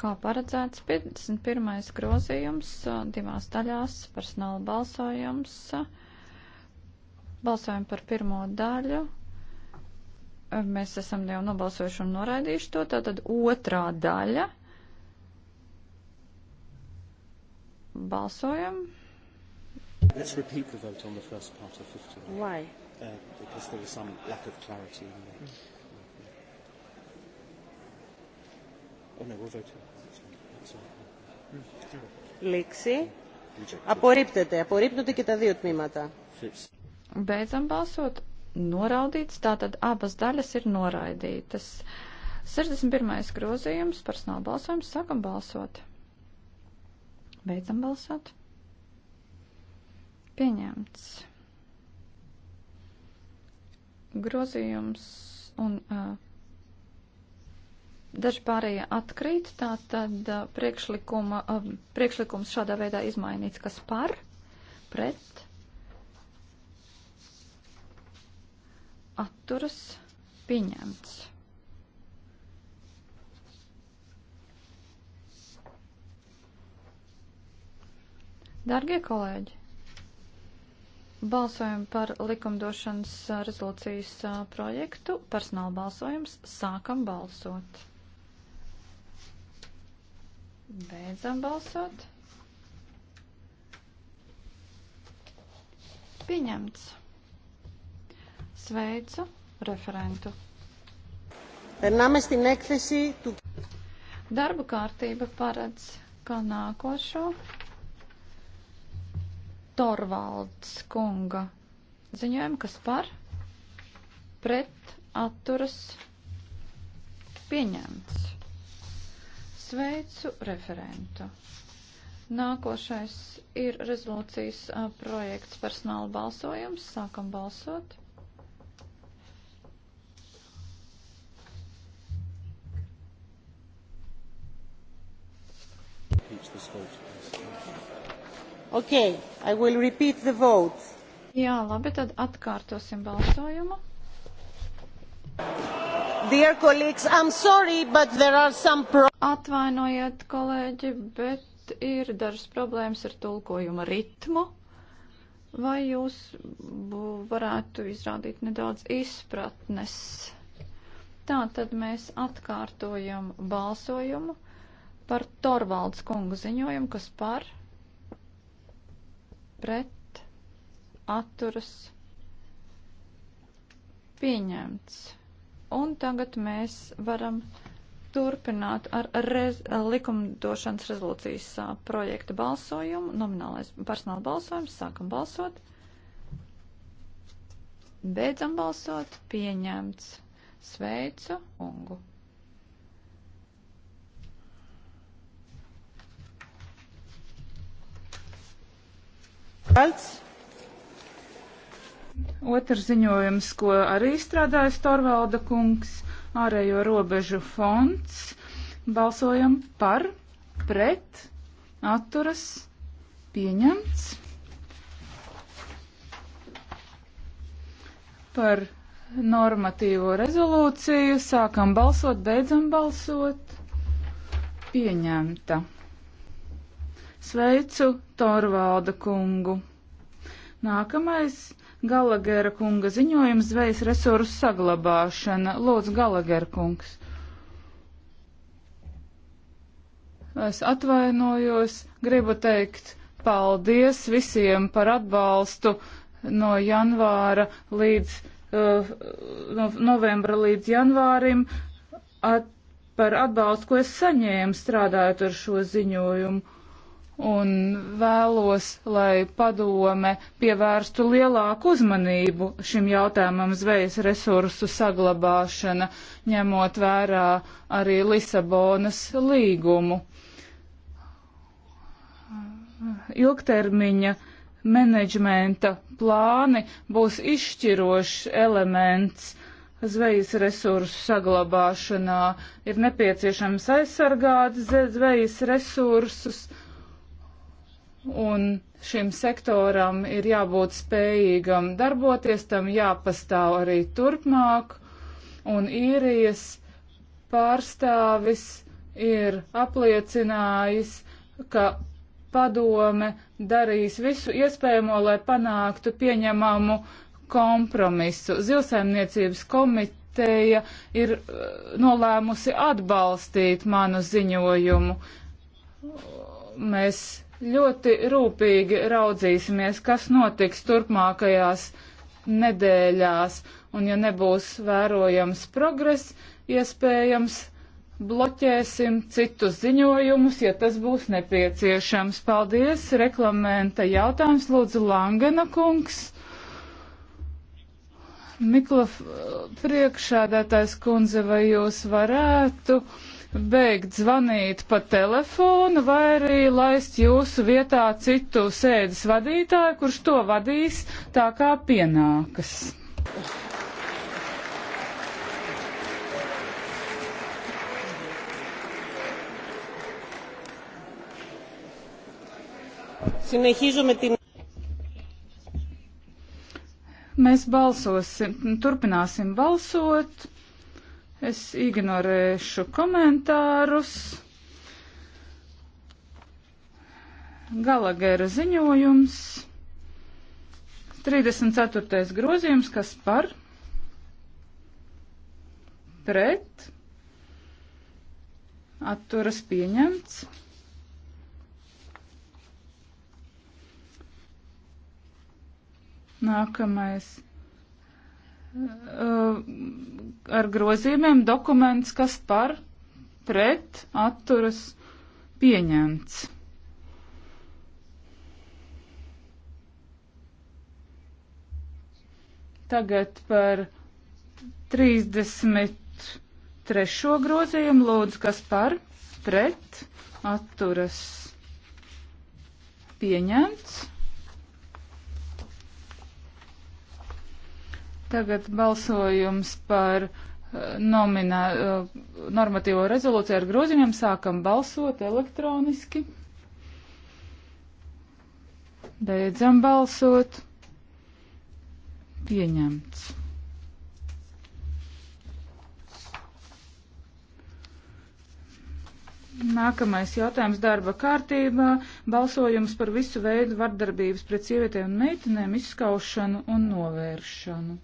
Kā paredzēts, 51. grozījums divās daļās, personāla balsojums. Balsojam par pirmo daļu. Mēs esam jau nobalsojuši un noraidījuši to. Tātad otrā daļa. Balsojam. Let's repeat the vote on the first part of 50. Why? uh, because there was some lack of clarity in the. Mm. Oh, no, we're voting. Mm. Λήξη. Απορρίπτεται. Απορρίπτονται και τα δύο τμήματα. Beidzam balsot. Noraidīts. Tātad abas daļas ir noraidītas. 61. grozījums. Personāla balsojums. Sākam balsot. Beidzam balsot. Pieņemts grozījums un uh, daži pārējie atkrīt, tā tad uh, priekšlikuma, uh, priekšlikums šādā veidā izmainīts, kas par, pret, atturas, pieņemts. Dargie kolēģi, Balsojam par likumdošanas rezolūcijas projektu. Personāla balsojums. Sākam balsot. Beidzam balsot. Pieņemts. Sveicu referentu. Darba kārtība paredz, ka nākošo Torvalds kunga ziņojumu, kas par pret atturas pieņemts. Sveicu referentu. Nākošais ir rezolūcijas projekts personāla balsojums. Sākam balsot. Repeats this vote. Okay, I will repeat the vote. Jā, labi, tad atkārtosim balsojumu. Dear colleagues, I'm sorry, but there are some pro Atvainojiet, kolēģi, bet ir dažas problēmas ar tulkojuma ritmu. Vai jūs varētu izrādīt nedaudz izpratnes? Tā tad mēs atkārtojam balsojumu par Torvalds kungu ziņojumu, kas par pret atturas pieņemts. Un tagad mēs varam turpināt ar rez, likumdošanas rezolūcijas projekta balsojumu, nominālais personāla balsojums, sākam balsot, beidzam balsot, pieņemts. Sveicu, Ungu! Alts. Otrs ziņojums, ko arī strādājas Torvalda kungs, ārējo robežu fonds. Balsojam par, pret, atturas, pieņemts. Par normatīvo rezolūciju sākam balsot, beidzam balsot. Pieņemta. Sveicu Torvalda kungu. Nākamais Galagera kunga ziņojums zvejas resursu saglabāšana. Lūdzu, Galagera kungs. Es atvainojos, gribu teikt paldies visiem par atbalstu no janvāra līdz, uh, no novembra līdz janvārim at, par atbalstu, ko es saņēmu strādājot ar šo ziņojumu un vēlos, lai padome pievērstu lielāku uzmanību šim jautājumam zvejas resursu saglabāšana, ņemot vērā arī Lisabonas līgumu. Ilgtermiņa menedžmenta plāni būs izšķirošs elements zvejas resursu saglabāšanā. Ir nepieciešams aizsargāt zvejas resursus un šim sektoram ir jābūt spējīgam darboties, tam jāpastāv arī turpmāk, un īrijas pārstāvis ir apliecinājis, ka padome darīs visu iespējamo, lai panāktu pieņemamu kompromisu. Zilsaimniecības komiteja ir uh, nolēmusi atbalstīt manu ziņojumu. Mēs ļoti rūpīgi raudzīsimies, kas notiks turpmākajās nedēļās, un ja nebūs vērojams progress, iespējams, bloķēsim citus ziņojumus, ja tas būs nepieciešams. Paldies, reklamenta jautājums, lūdzu, Langena kungs. Miklof priekšādātājs kundze, vai jūs varētu? beigt zvanīt pa telefonu vai arī laist jūsu vietā citu sēdes vadītāju, kurš to vadīs tā kā pienākas. Συνεχίζουμε την Mēs balsosim, turpināsim balsot. Es ignorēšu komentārus. Galagera ziņojums. 34. grozījums, kas par pret atturas pieņemts. Nākamais Uh, ar grozījumiem dokuments, kas par pret atturas pieņemts. Tagad par 33. grozījumu lūdzu, kas par pret atturas pieņemts. Tagad balsojums par eh, nominā, eh, normatīvo rezolūciju ar grozījumiem. Sākam balsot elektroniski. Beidzam balsot. Pieņemts. Nākamais jautājums darba kārtībā - balsojums par visu veidu vardarbības pret sievietēm un meitenēm izskaušanu un novēršanu.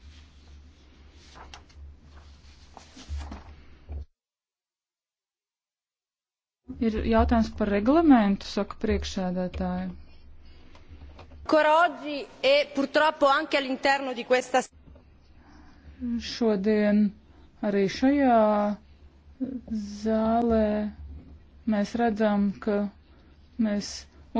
Ir jautājums par reglamentu, saka priekšsēdētāji. E Šodien arī šajā zālē mēs redzam, ka mēs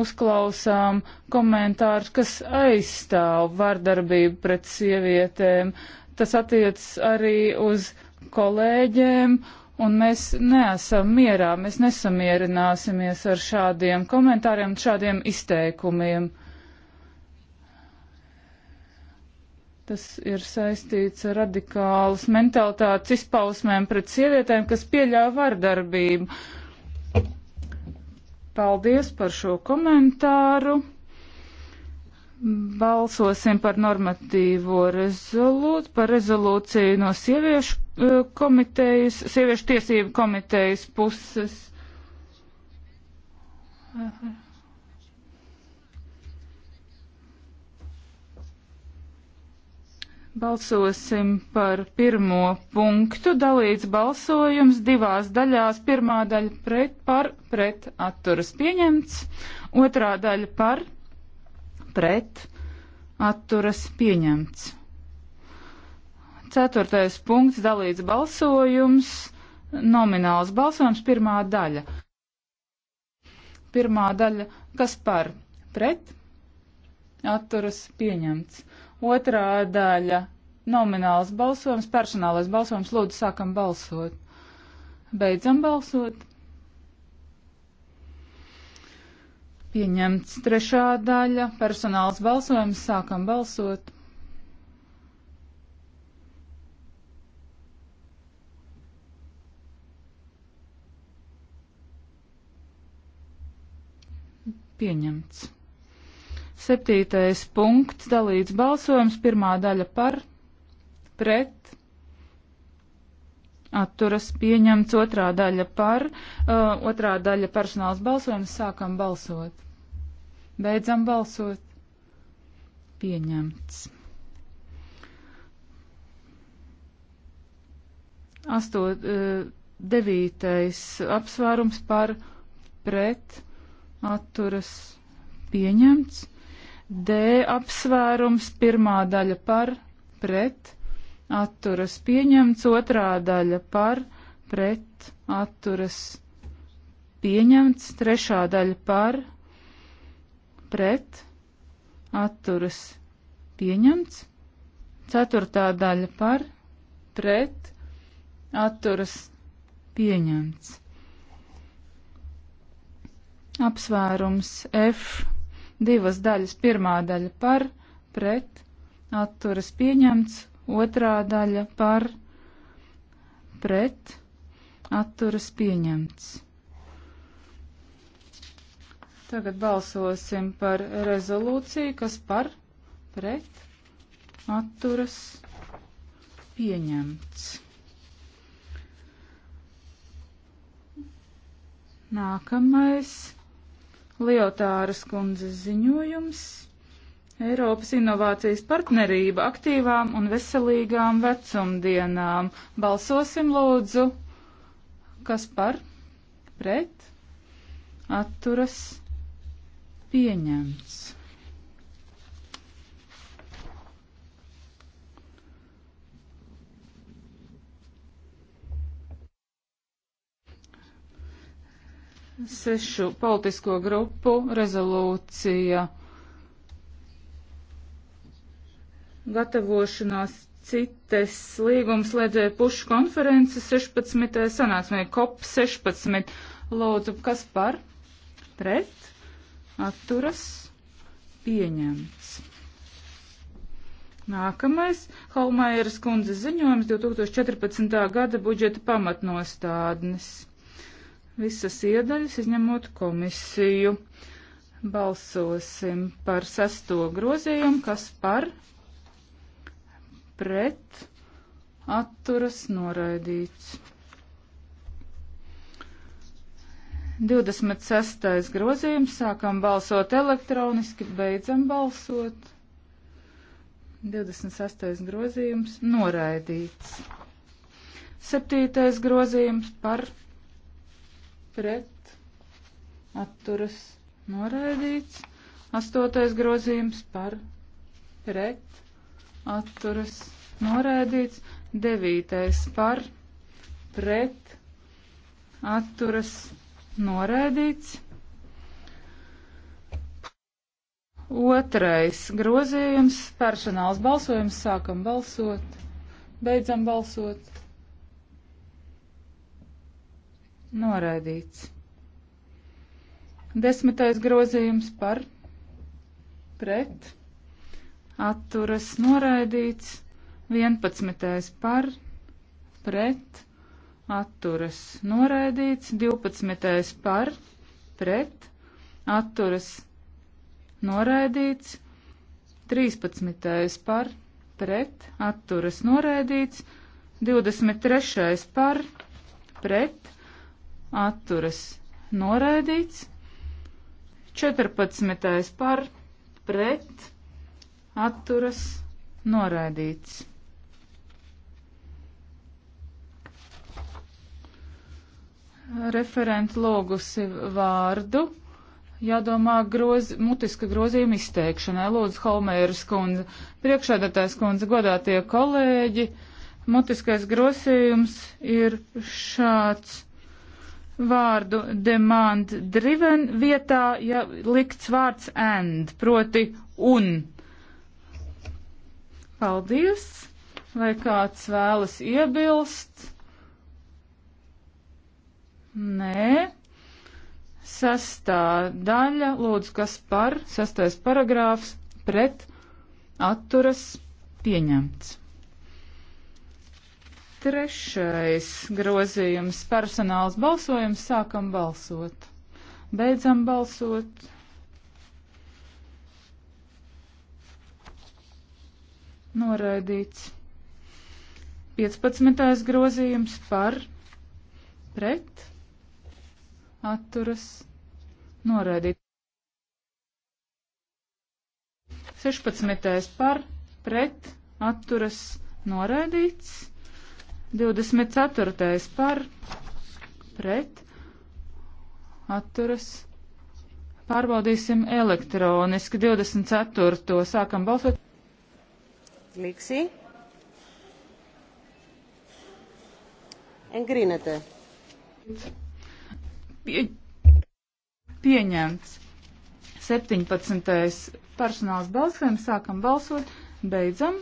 uzklausām komentārus, kas aizstāv vardarbību pret sievietēm. Tas attiec arī uz kolēģiem Un mēs neesam mierā, mēs nesamierināsimies ar šādiem komentāriem, šādiem izteikumiem. Tas ir saistīts ar radikālas mentalitātes izpausmēm pret sievietēm, kas pieļauj vardarbību. Paldies par šo komentāru. Balsosim par normatīvo rezolūciju, par rezolūciju no sieviešu Eh, komitejas, sieviešu tiesību komitejas puses. Balsosim par pirmo punktu. Dalīts balsojums divās daļās. Pirmā daļa pret, par, pret, atturas pieņemts. Otrā daļa par, pret, atturas pieņemts. Ceturtais punkts - dalīts balsojums, nomināls balsojums, pirmā daļa. Pirmā daļa - kas par? Pret? Atturas pieņemts. Otrā daļa - nomināls balsojums, personālais balsojums. Lūdzu, sākam balsot. Beidzam balsot. Pieņemts trešā daļa - personāls balsojums, sākam balsot. Pieņemts. Septītais punkts dalīts balsojums. Pirmā daļa par, pret, atturas pieņemts. Otrā daļa par, uh, otrā daļa personāls balsojums. Sākam balsot. Beidzam balsot. Pieņemts. Astot, uh, devītais apsvērums par, pret, atturas atturas pieņemts. D apsvērums pirmā daļa par pret atturas pieņemts, otrā daļa par pret atturas pieņemts, trešā daļa par pret atturas pieņemts, ceturtā daļa par pret atturas pieņemts. Apsvērums F divas daļas. Pirmā daļa par, pret, atturas pieņemts, otrā daļa par, pret, atturas pieņemts. Tagad balsosim par rezolūciju, kas par, pret, atturas pieņemts. Nākamais. Liotāras kundzes ziņojums - Eiropas inovācijas partnerība aktīvām un veselīgām vecumdienām. Balsosim lūdzu, kas par, pret, atturas, pieņemts. sešu politisko grupu rezolūcija gatavošanās citas līgumslēdzēju pušu konferences 16. sanāksmē COP 16. Lūdzu, kas par? Pret? Atturas? Pieņemts. Nākamais - Holmaieras kundzes ziņojums 2014. gada budžeta pamatnostādnes visas iedaļas, izņemot komisiju. Balsosim par sesto grozījumu, kas par pret atturas noraidīts. 26. grozījums, sākam balsot elektroniski, beidzam balsot. 26. grozījums noraidīts. 7. grozījums par pret pret, atturas noraidīts. Astotais grozījums par, pret, atturas noraidīts. Devītais par, pret, atturas noraidīts. Otrais grozījums - personāls balsojums. Sākam balsot, beidzam balsot. Noraidīts. Desmitais grozījums par pret. Atturas noraidīts. Vienpadsmitais par pret. Atturas noraidīts. Divpadsmitais par pret. Atturas noraidīts. Trīspadsmitais par pret. Atturas noraidīts. 23. par pret atturas noraidīts. 14. par pret atturas noraidīts. Referenta lūgusi vārdu. Jādomā groz, mutiska grozījuma izteikšanai. Lūdzu, Holmēras kundze, priekšādātājs kundze, godātie kolēģi. Mutiskais grozījums ir šāds vārdu demand driven vietā, ja likts vārds and, proti un. Paldies! Vai kāds vēlas iebilst? Nē. Sestā daļa, lūdzu, kas par, sestais paragrāfs, pret, atturas, pieņemts. Trešais grozījums - personāls balsojums. Sākam balsot. Beidzam balsot. Noraidīts. 15. grozījums par pret atturas noraidīt. 16. par pret atturas noraidīts. 24. par pret atturas. Pārbaudīsim elektroniski 24. sākam balsot. Līksī. Engrinete. Pie, pieņemts. 17. personāls balsojums sākam balsot. Beidzam.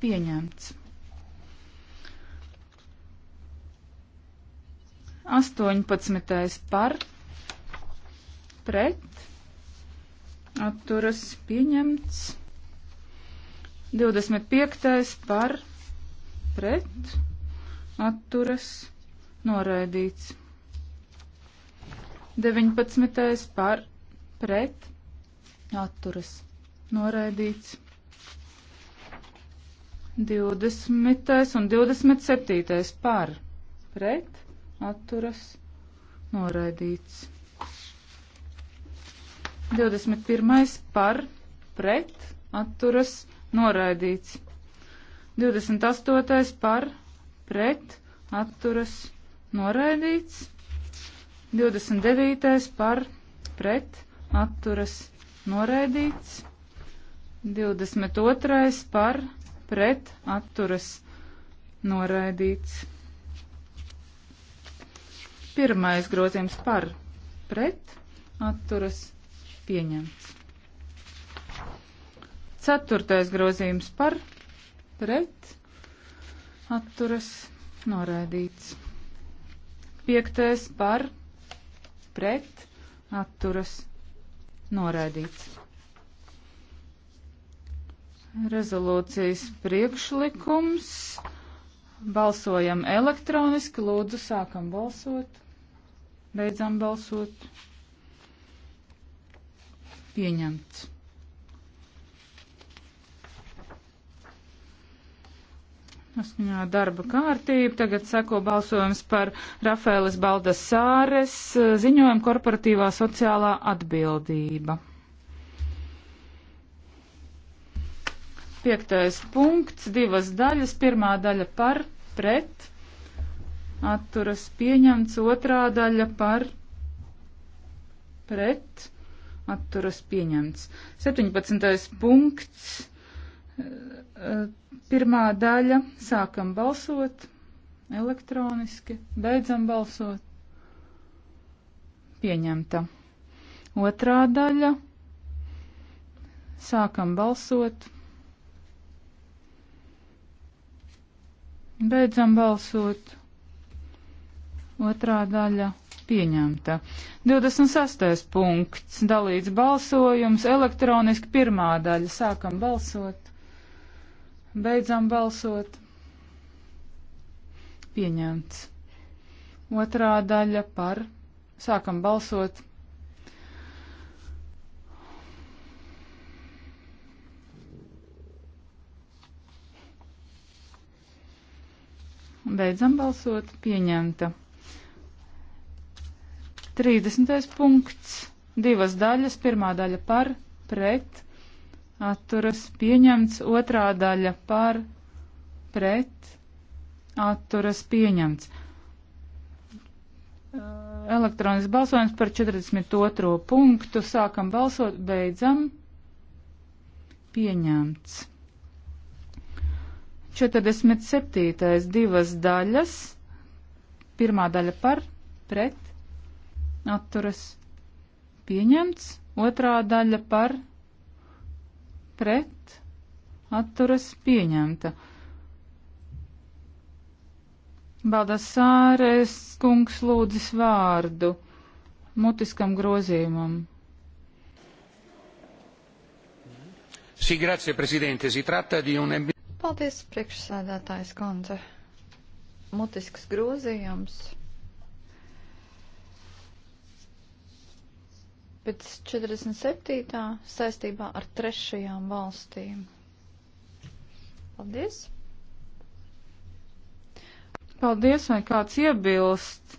pieņemts. Astoņpadsmitais par, pret, atturas pieņemts. 25. par, pret, atturas noraidīts. 19. par, pret, atturas noraidīts. 20. un 27. par pret atturas noraidīts. 21. par pret atturas noraidīts. 28. par pret atturas noraidīts. 29. par pret atturas noraidīts. 22. par pret pret atturas noraidīts. Pirmais grozījums par pret atturas pieņemts. Ceturtais grozījums par pret atturas noraidīts. Piektais par pret atturas noraidīts rezolūcijas priekšlikums. Balsojam elektroniski, lūdzu, sākam balsot. Beidzam balsot. Pieņemts. Asmiņā darba kārtība. Tagad seko balsojums par Rafēlis Baldasāres ziņojumu korporatīvā sociālā atbildība. Piektais punkts, divas daļas. Pirmā daļa par, pret, atturas pieņemts. Otrā daļa par, pret, atturas pieņemts. 17. punkts, eh, pirmā daļa. Sākam balsot elektroniski, beidzam balsot. Pieņemta. Otrā daļa. Sākam balsot Beidzam balsot. Otrā daļa pieņemta. 26. punkts. Dalīts balsojums elektroniski pirmā daļa. Sākam balsot. Beidzam balsot. Pieņemts. Otrā daļa par. Sākam balsot. Beidzam balsot. Pieņemta. 30. punkts. Divas daļas. Pirmā daļa par, pret, atturas. Pieņemts. Otrā daļa par, pret, atturas. Pieņemts. Elektronisks balsojums par 42. punktu. Sākam balsot. Beidzam. Pieņemts. 47. divas daļas. Pirmā daļa par, pret, atturas, pieņemts. Otrā daļa par, pret, atturas, pieņemta. Baldasāres kungs lūdzis vārdu mutiskam grozījumam. Sì, grazie Presidente. Si tratta di un Paldies, priekšsēdētājs Konze. Mutisks grozījums. pēc 47. saistībā ar trešajām valstīm. Paldies! Paldies, vai kāds iebilst?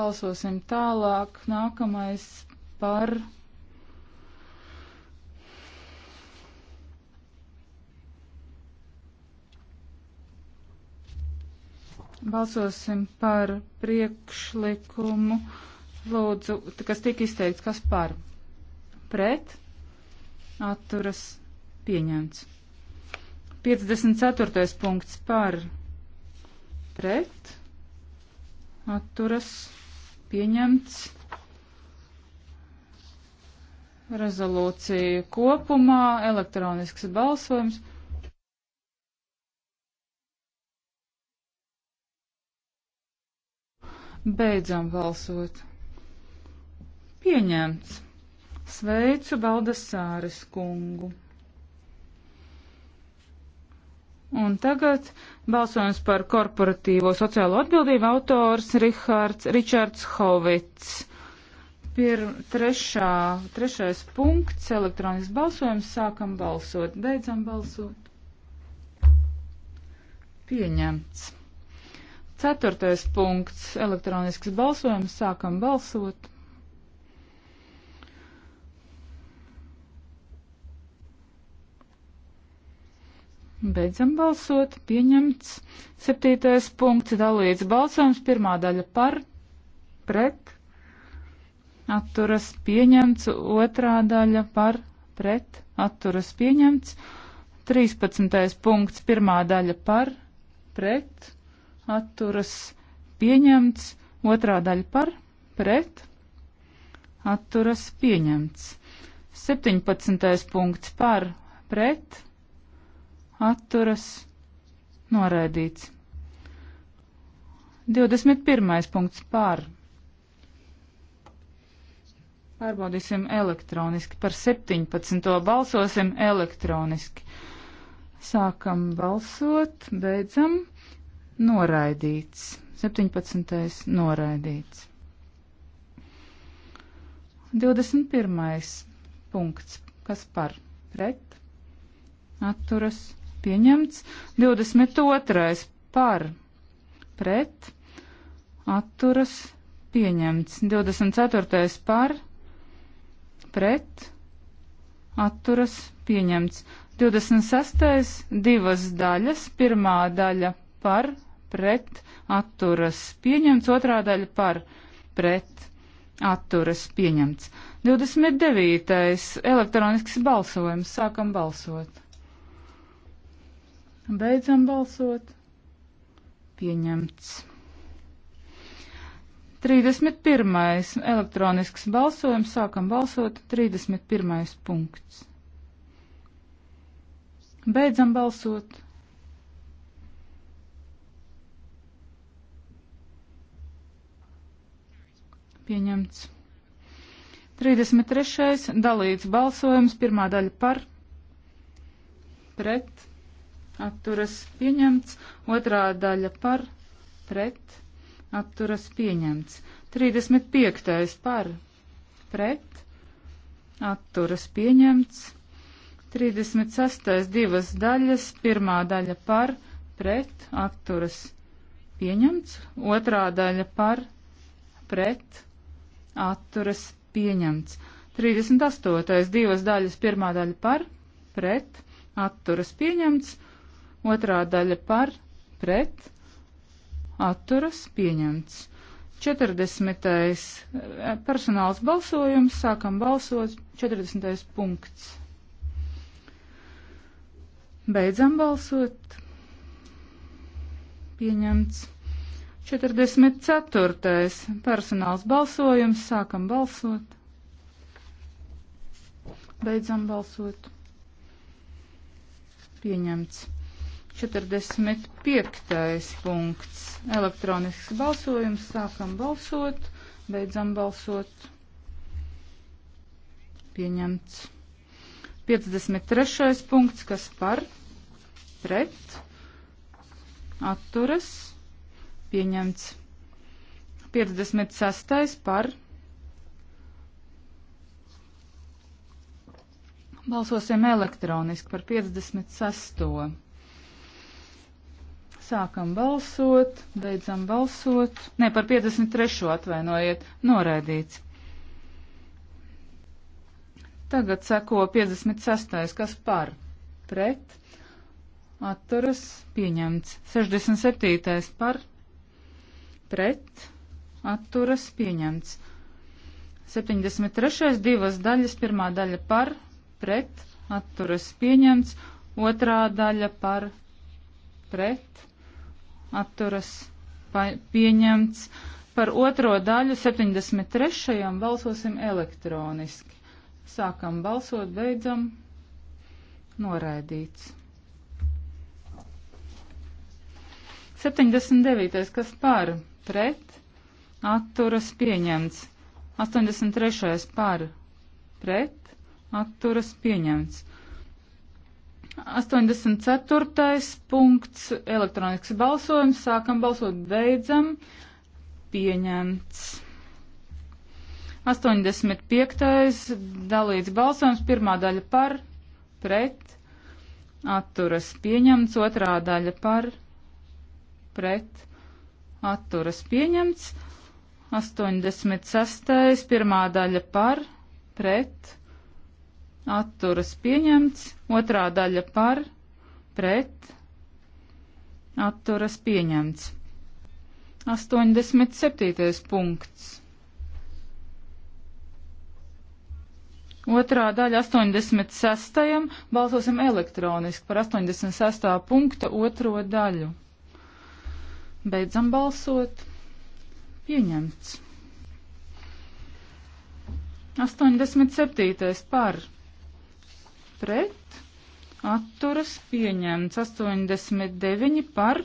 Balsosim tālāk. Nākamais par. Balsosim par priekšlikumu, lūdzu, kas tika izteikts, kas par pret atturas pieņemts. 54. punkts par pret atturas pieņemts rezolūcija kopumā, elektronisks balsojums. Beidzam balsot. Pieņemts. Sveicu Baldasāres kungu. Un tagad balsojums par korporatīvo sociālo atbildību autors Rihards, Ričards Hovits. Pir trešā, trešais punkts - elektronisks balsojums. Sākam balsot. Beidzam balsot. Pieņemts. Ceturtais punkts - elektronisks balsojums. Sākam balsot. Beidzam balsot. Pieņemts. Septītais punkts - dalīts balsojums. Pirmā daļa par, pret, atturas pieņemts. Otrā daļa par, pret, atturas pieņemts. Trīspadsmitais punkts - pirmā daļa par, pret, atturas pieņemts, otrā daļa par, pret, atturas pieņemts. 17. punkts par, pret, atturas noraidīts. 21. punkts par. Pārbaudīsim elektroniski. Par 17. balsosim elektroniski. Sākam balsot, beidzam noraidīts. 17. noraidīts. 21. punkts. Kas par? Pret. Atturas. Pieņemts. 22. par. Pret. Atturas. Pieņemts. 24. par. Pret. Atturas. Pieņemts. 26. divas daļas. Pirmā daļa par pret atturas pieņemts, otrā daļa par pret atturas pieņemts. 29. elektronisks balsojums. Sākam balsot. Beidzam balsot. Pieņemts. 31. elektronisks balsojums. Sākam balsot. 31. punkts. Beidzam balsot. Pieņemts. 33. dalīts balsojums, pirmā daļa par, pret, atturas pieņemts, otrā daļa par, pret, atturas pieņemts, 35. par, pret, atturas pieņemts, 36. divas daļas, pirmā daļa par, pret, atturas pieņemts, otrā daļa par, pret, atturas pieņemts. 38. divas daļas, pirmā daļa par, pret, atturas pieņemts, otrā daļa par, pret, atturas pieņemts. 40. Eh, personāls balsojums, sākam balsot, 40. punkts. Beidzam balsot. Pieņemts. 44. personāls balsojums. Sākam balsot. Beidzam balsot. Pieņemts. 45. punkts. Elektronisks balsojums. Sākam balsot. Beidzam balsot. Pieņemts. 53. punkts. Kas par? Pret. Atturas pieņemts. 56. par. Balsosim elektroniski par 56. Sākam balsot, beidzam balsot. Nē, par 53. atvainojiet, noraidīts. Tagad seko 56. kas par, pret, atturas, pieņemts. 67. par, pret pret, atturas pieņemts. 73. divas daļas, pirmā daļa par, pret, atturas pieņemts, otrā daļa par, pret, atturas pieņemts. Par otro daļu 73. balsosim elektroniski. Sākam balsot, beidzam. Noraidīts. 79. kas par, pret, atturas pieņemts. 83. par, pret, atturas pieņemts. 84. punkts elektronisks balsojums. Sākam balsot, beidzam. Pieņemts. 85. dalīts balsojums. Pirmā daļa par, pret, atturas pieņemts. Otrā daļa par, pret, atturas pieņemts. 86. pirmā daļa par, pret, atturas pieņemts. Otrā daļa par, pret, atturas pieņemts. 87. punkts. Otrā daļa 86. balsosim elektroniski par 86. punkta otro daļu. Beidzam balsot. Pieņemts. 87. par pret atturas pieņemts. 89 par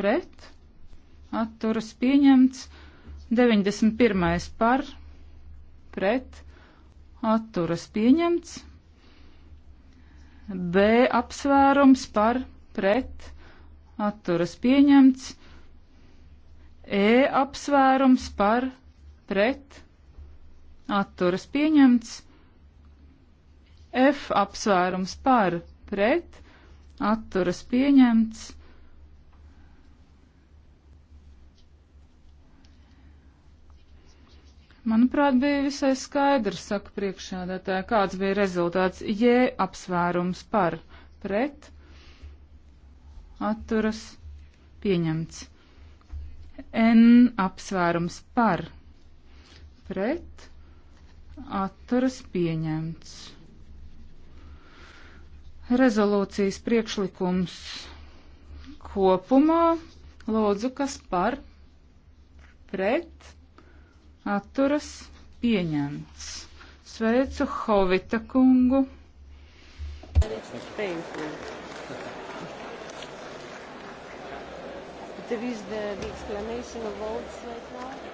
pret atturas pieņemts. 91 par pret atturas pieņemts. B apsvērums par pret atturas pieņemts. E apsvērums par pret atturas pieņemts. F apsvērums par pret atturas pieņemts. Manuprāt, bija visai skaidrs, saka priekšādātāja, kāds bija rezultāts. J apsvērums par pret atturas pieņemts. N apsvērums par pret atturas pieņemts. Rezolūcijas priekšlikums kopumā lūdzu, kas par pret atturas pieņemts. Sveicu Hovita kungu. Thank you. There is the, the explanation of votes right now.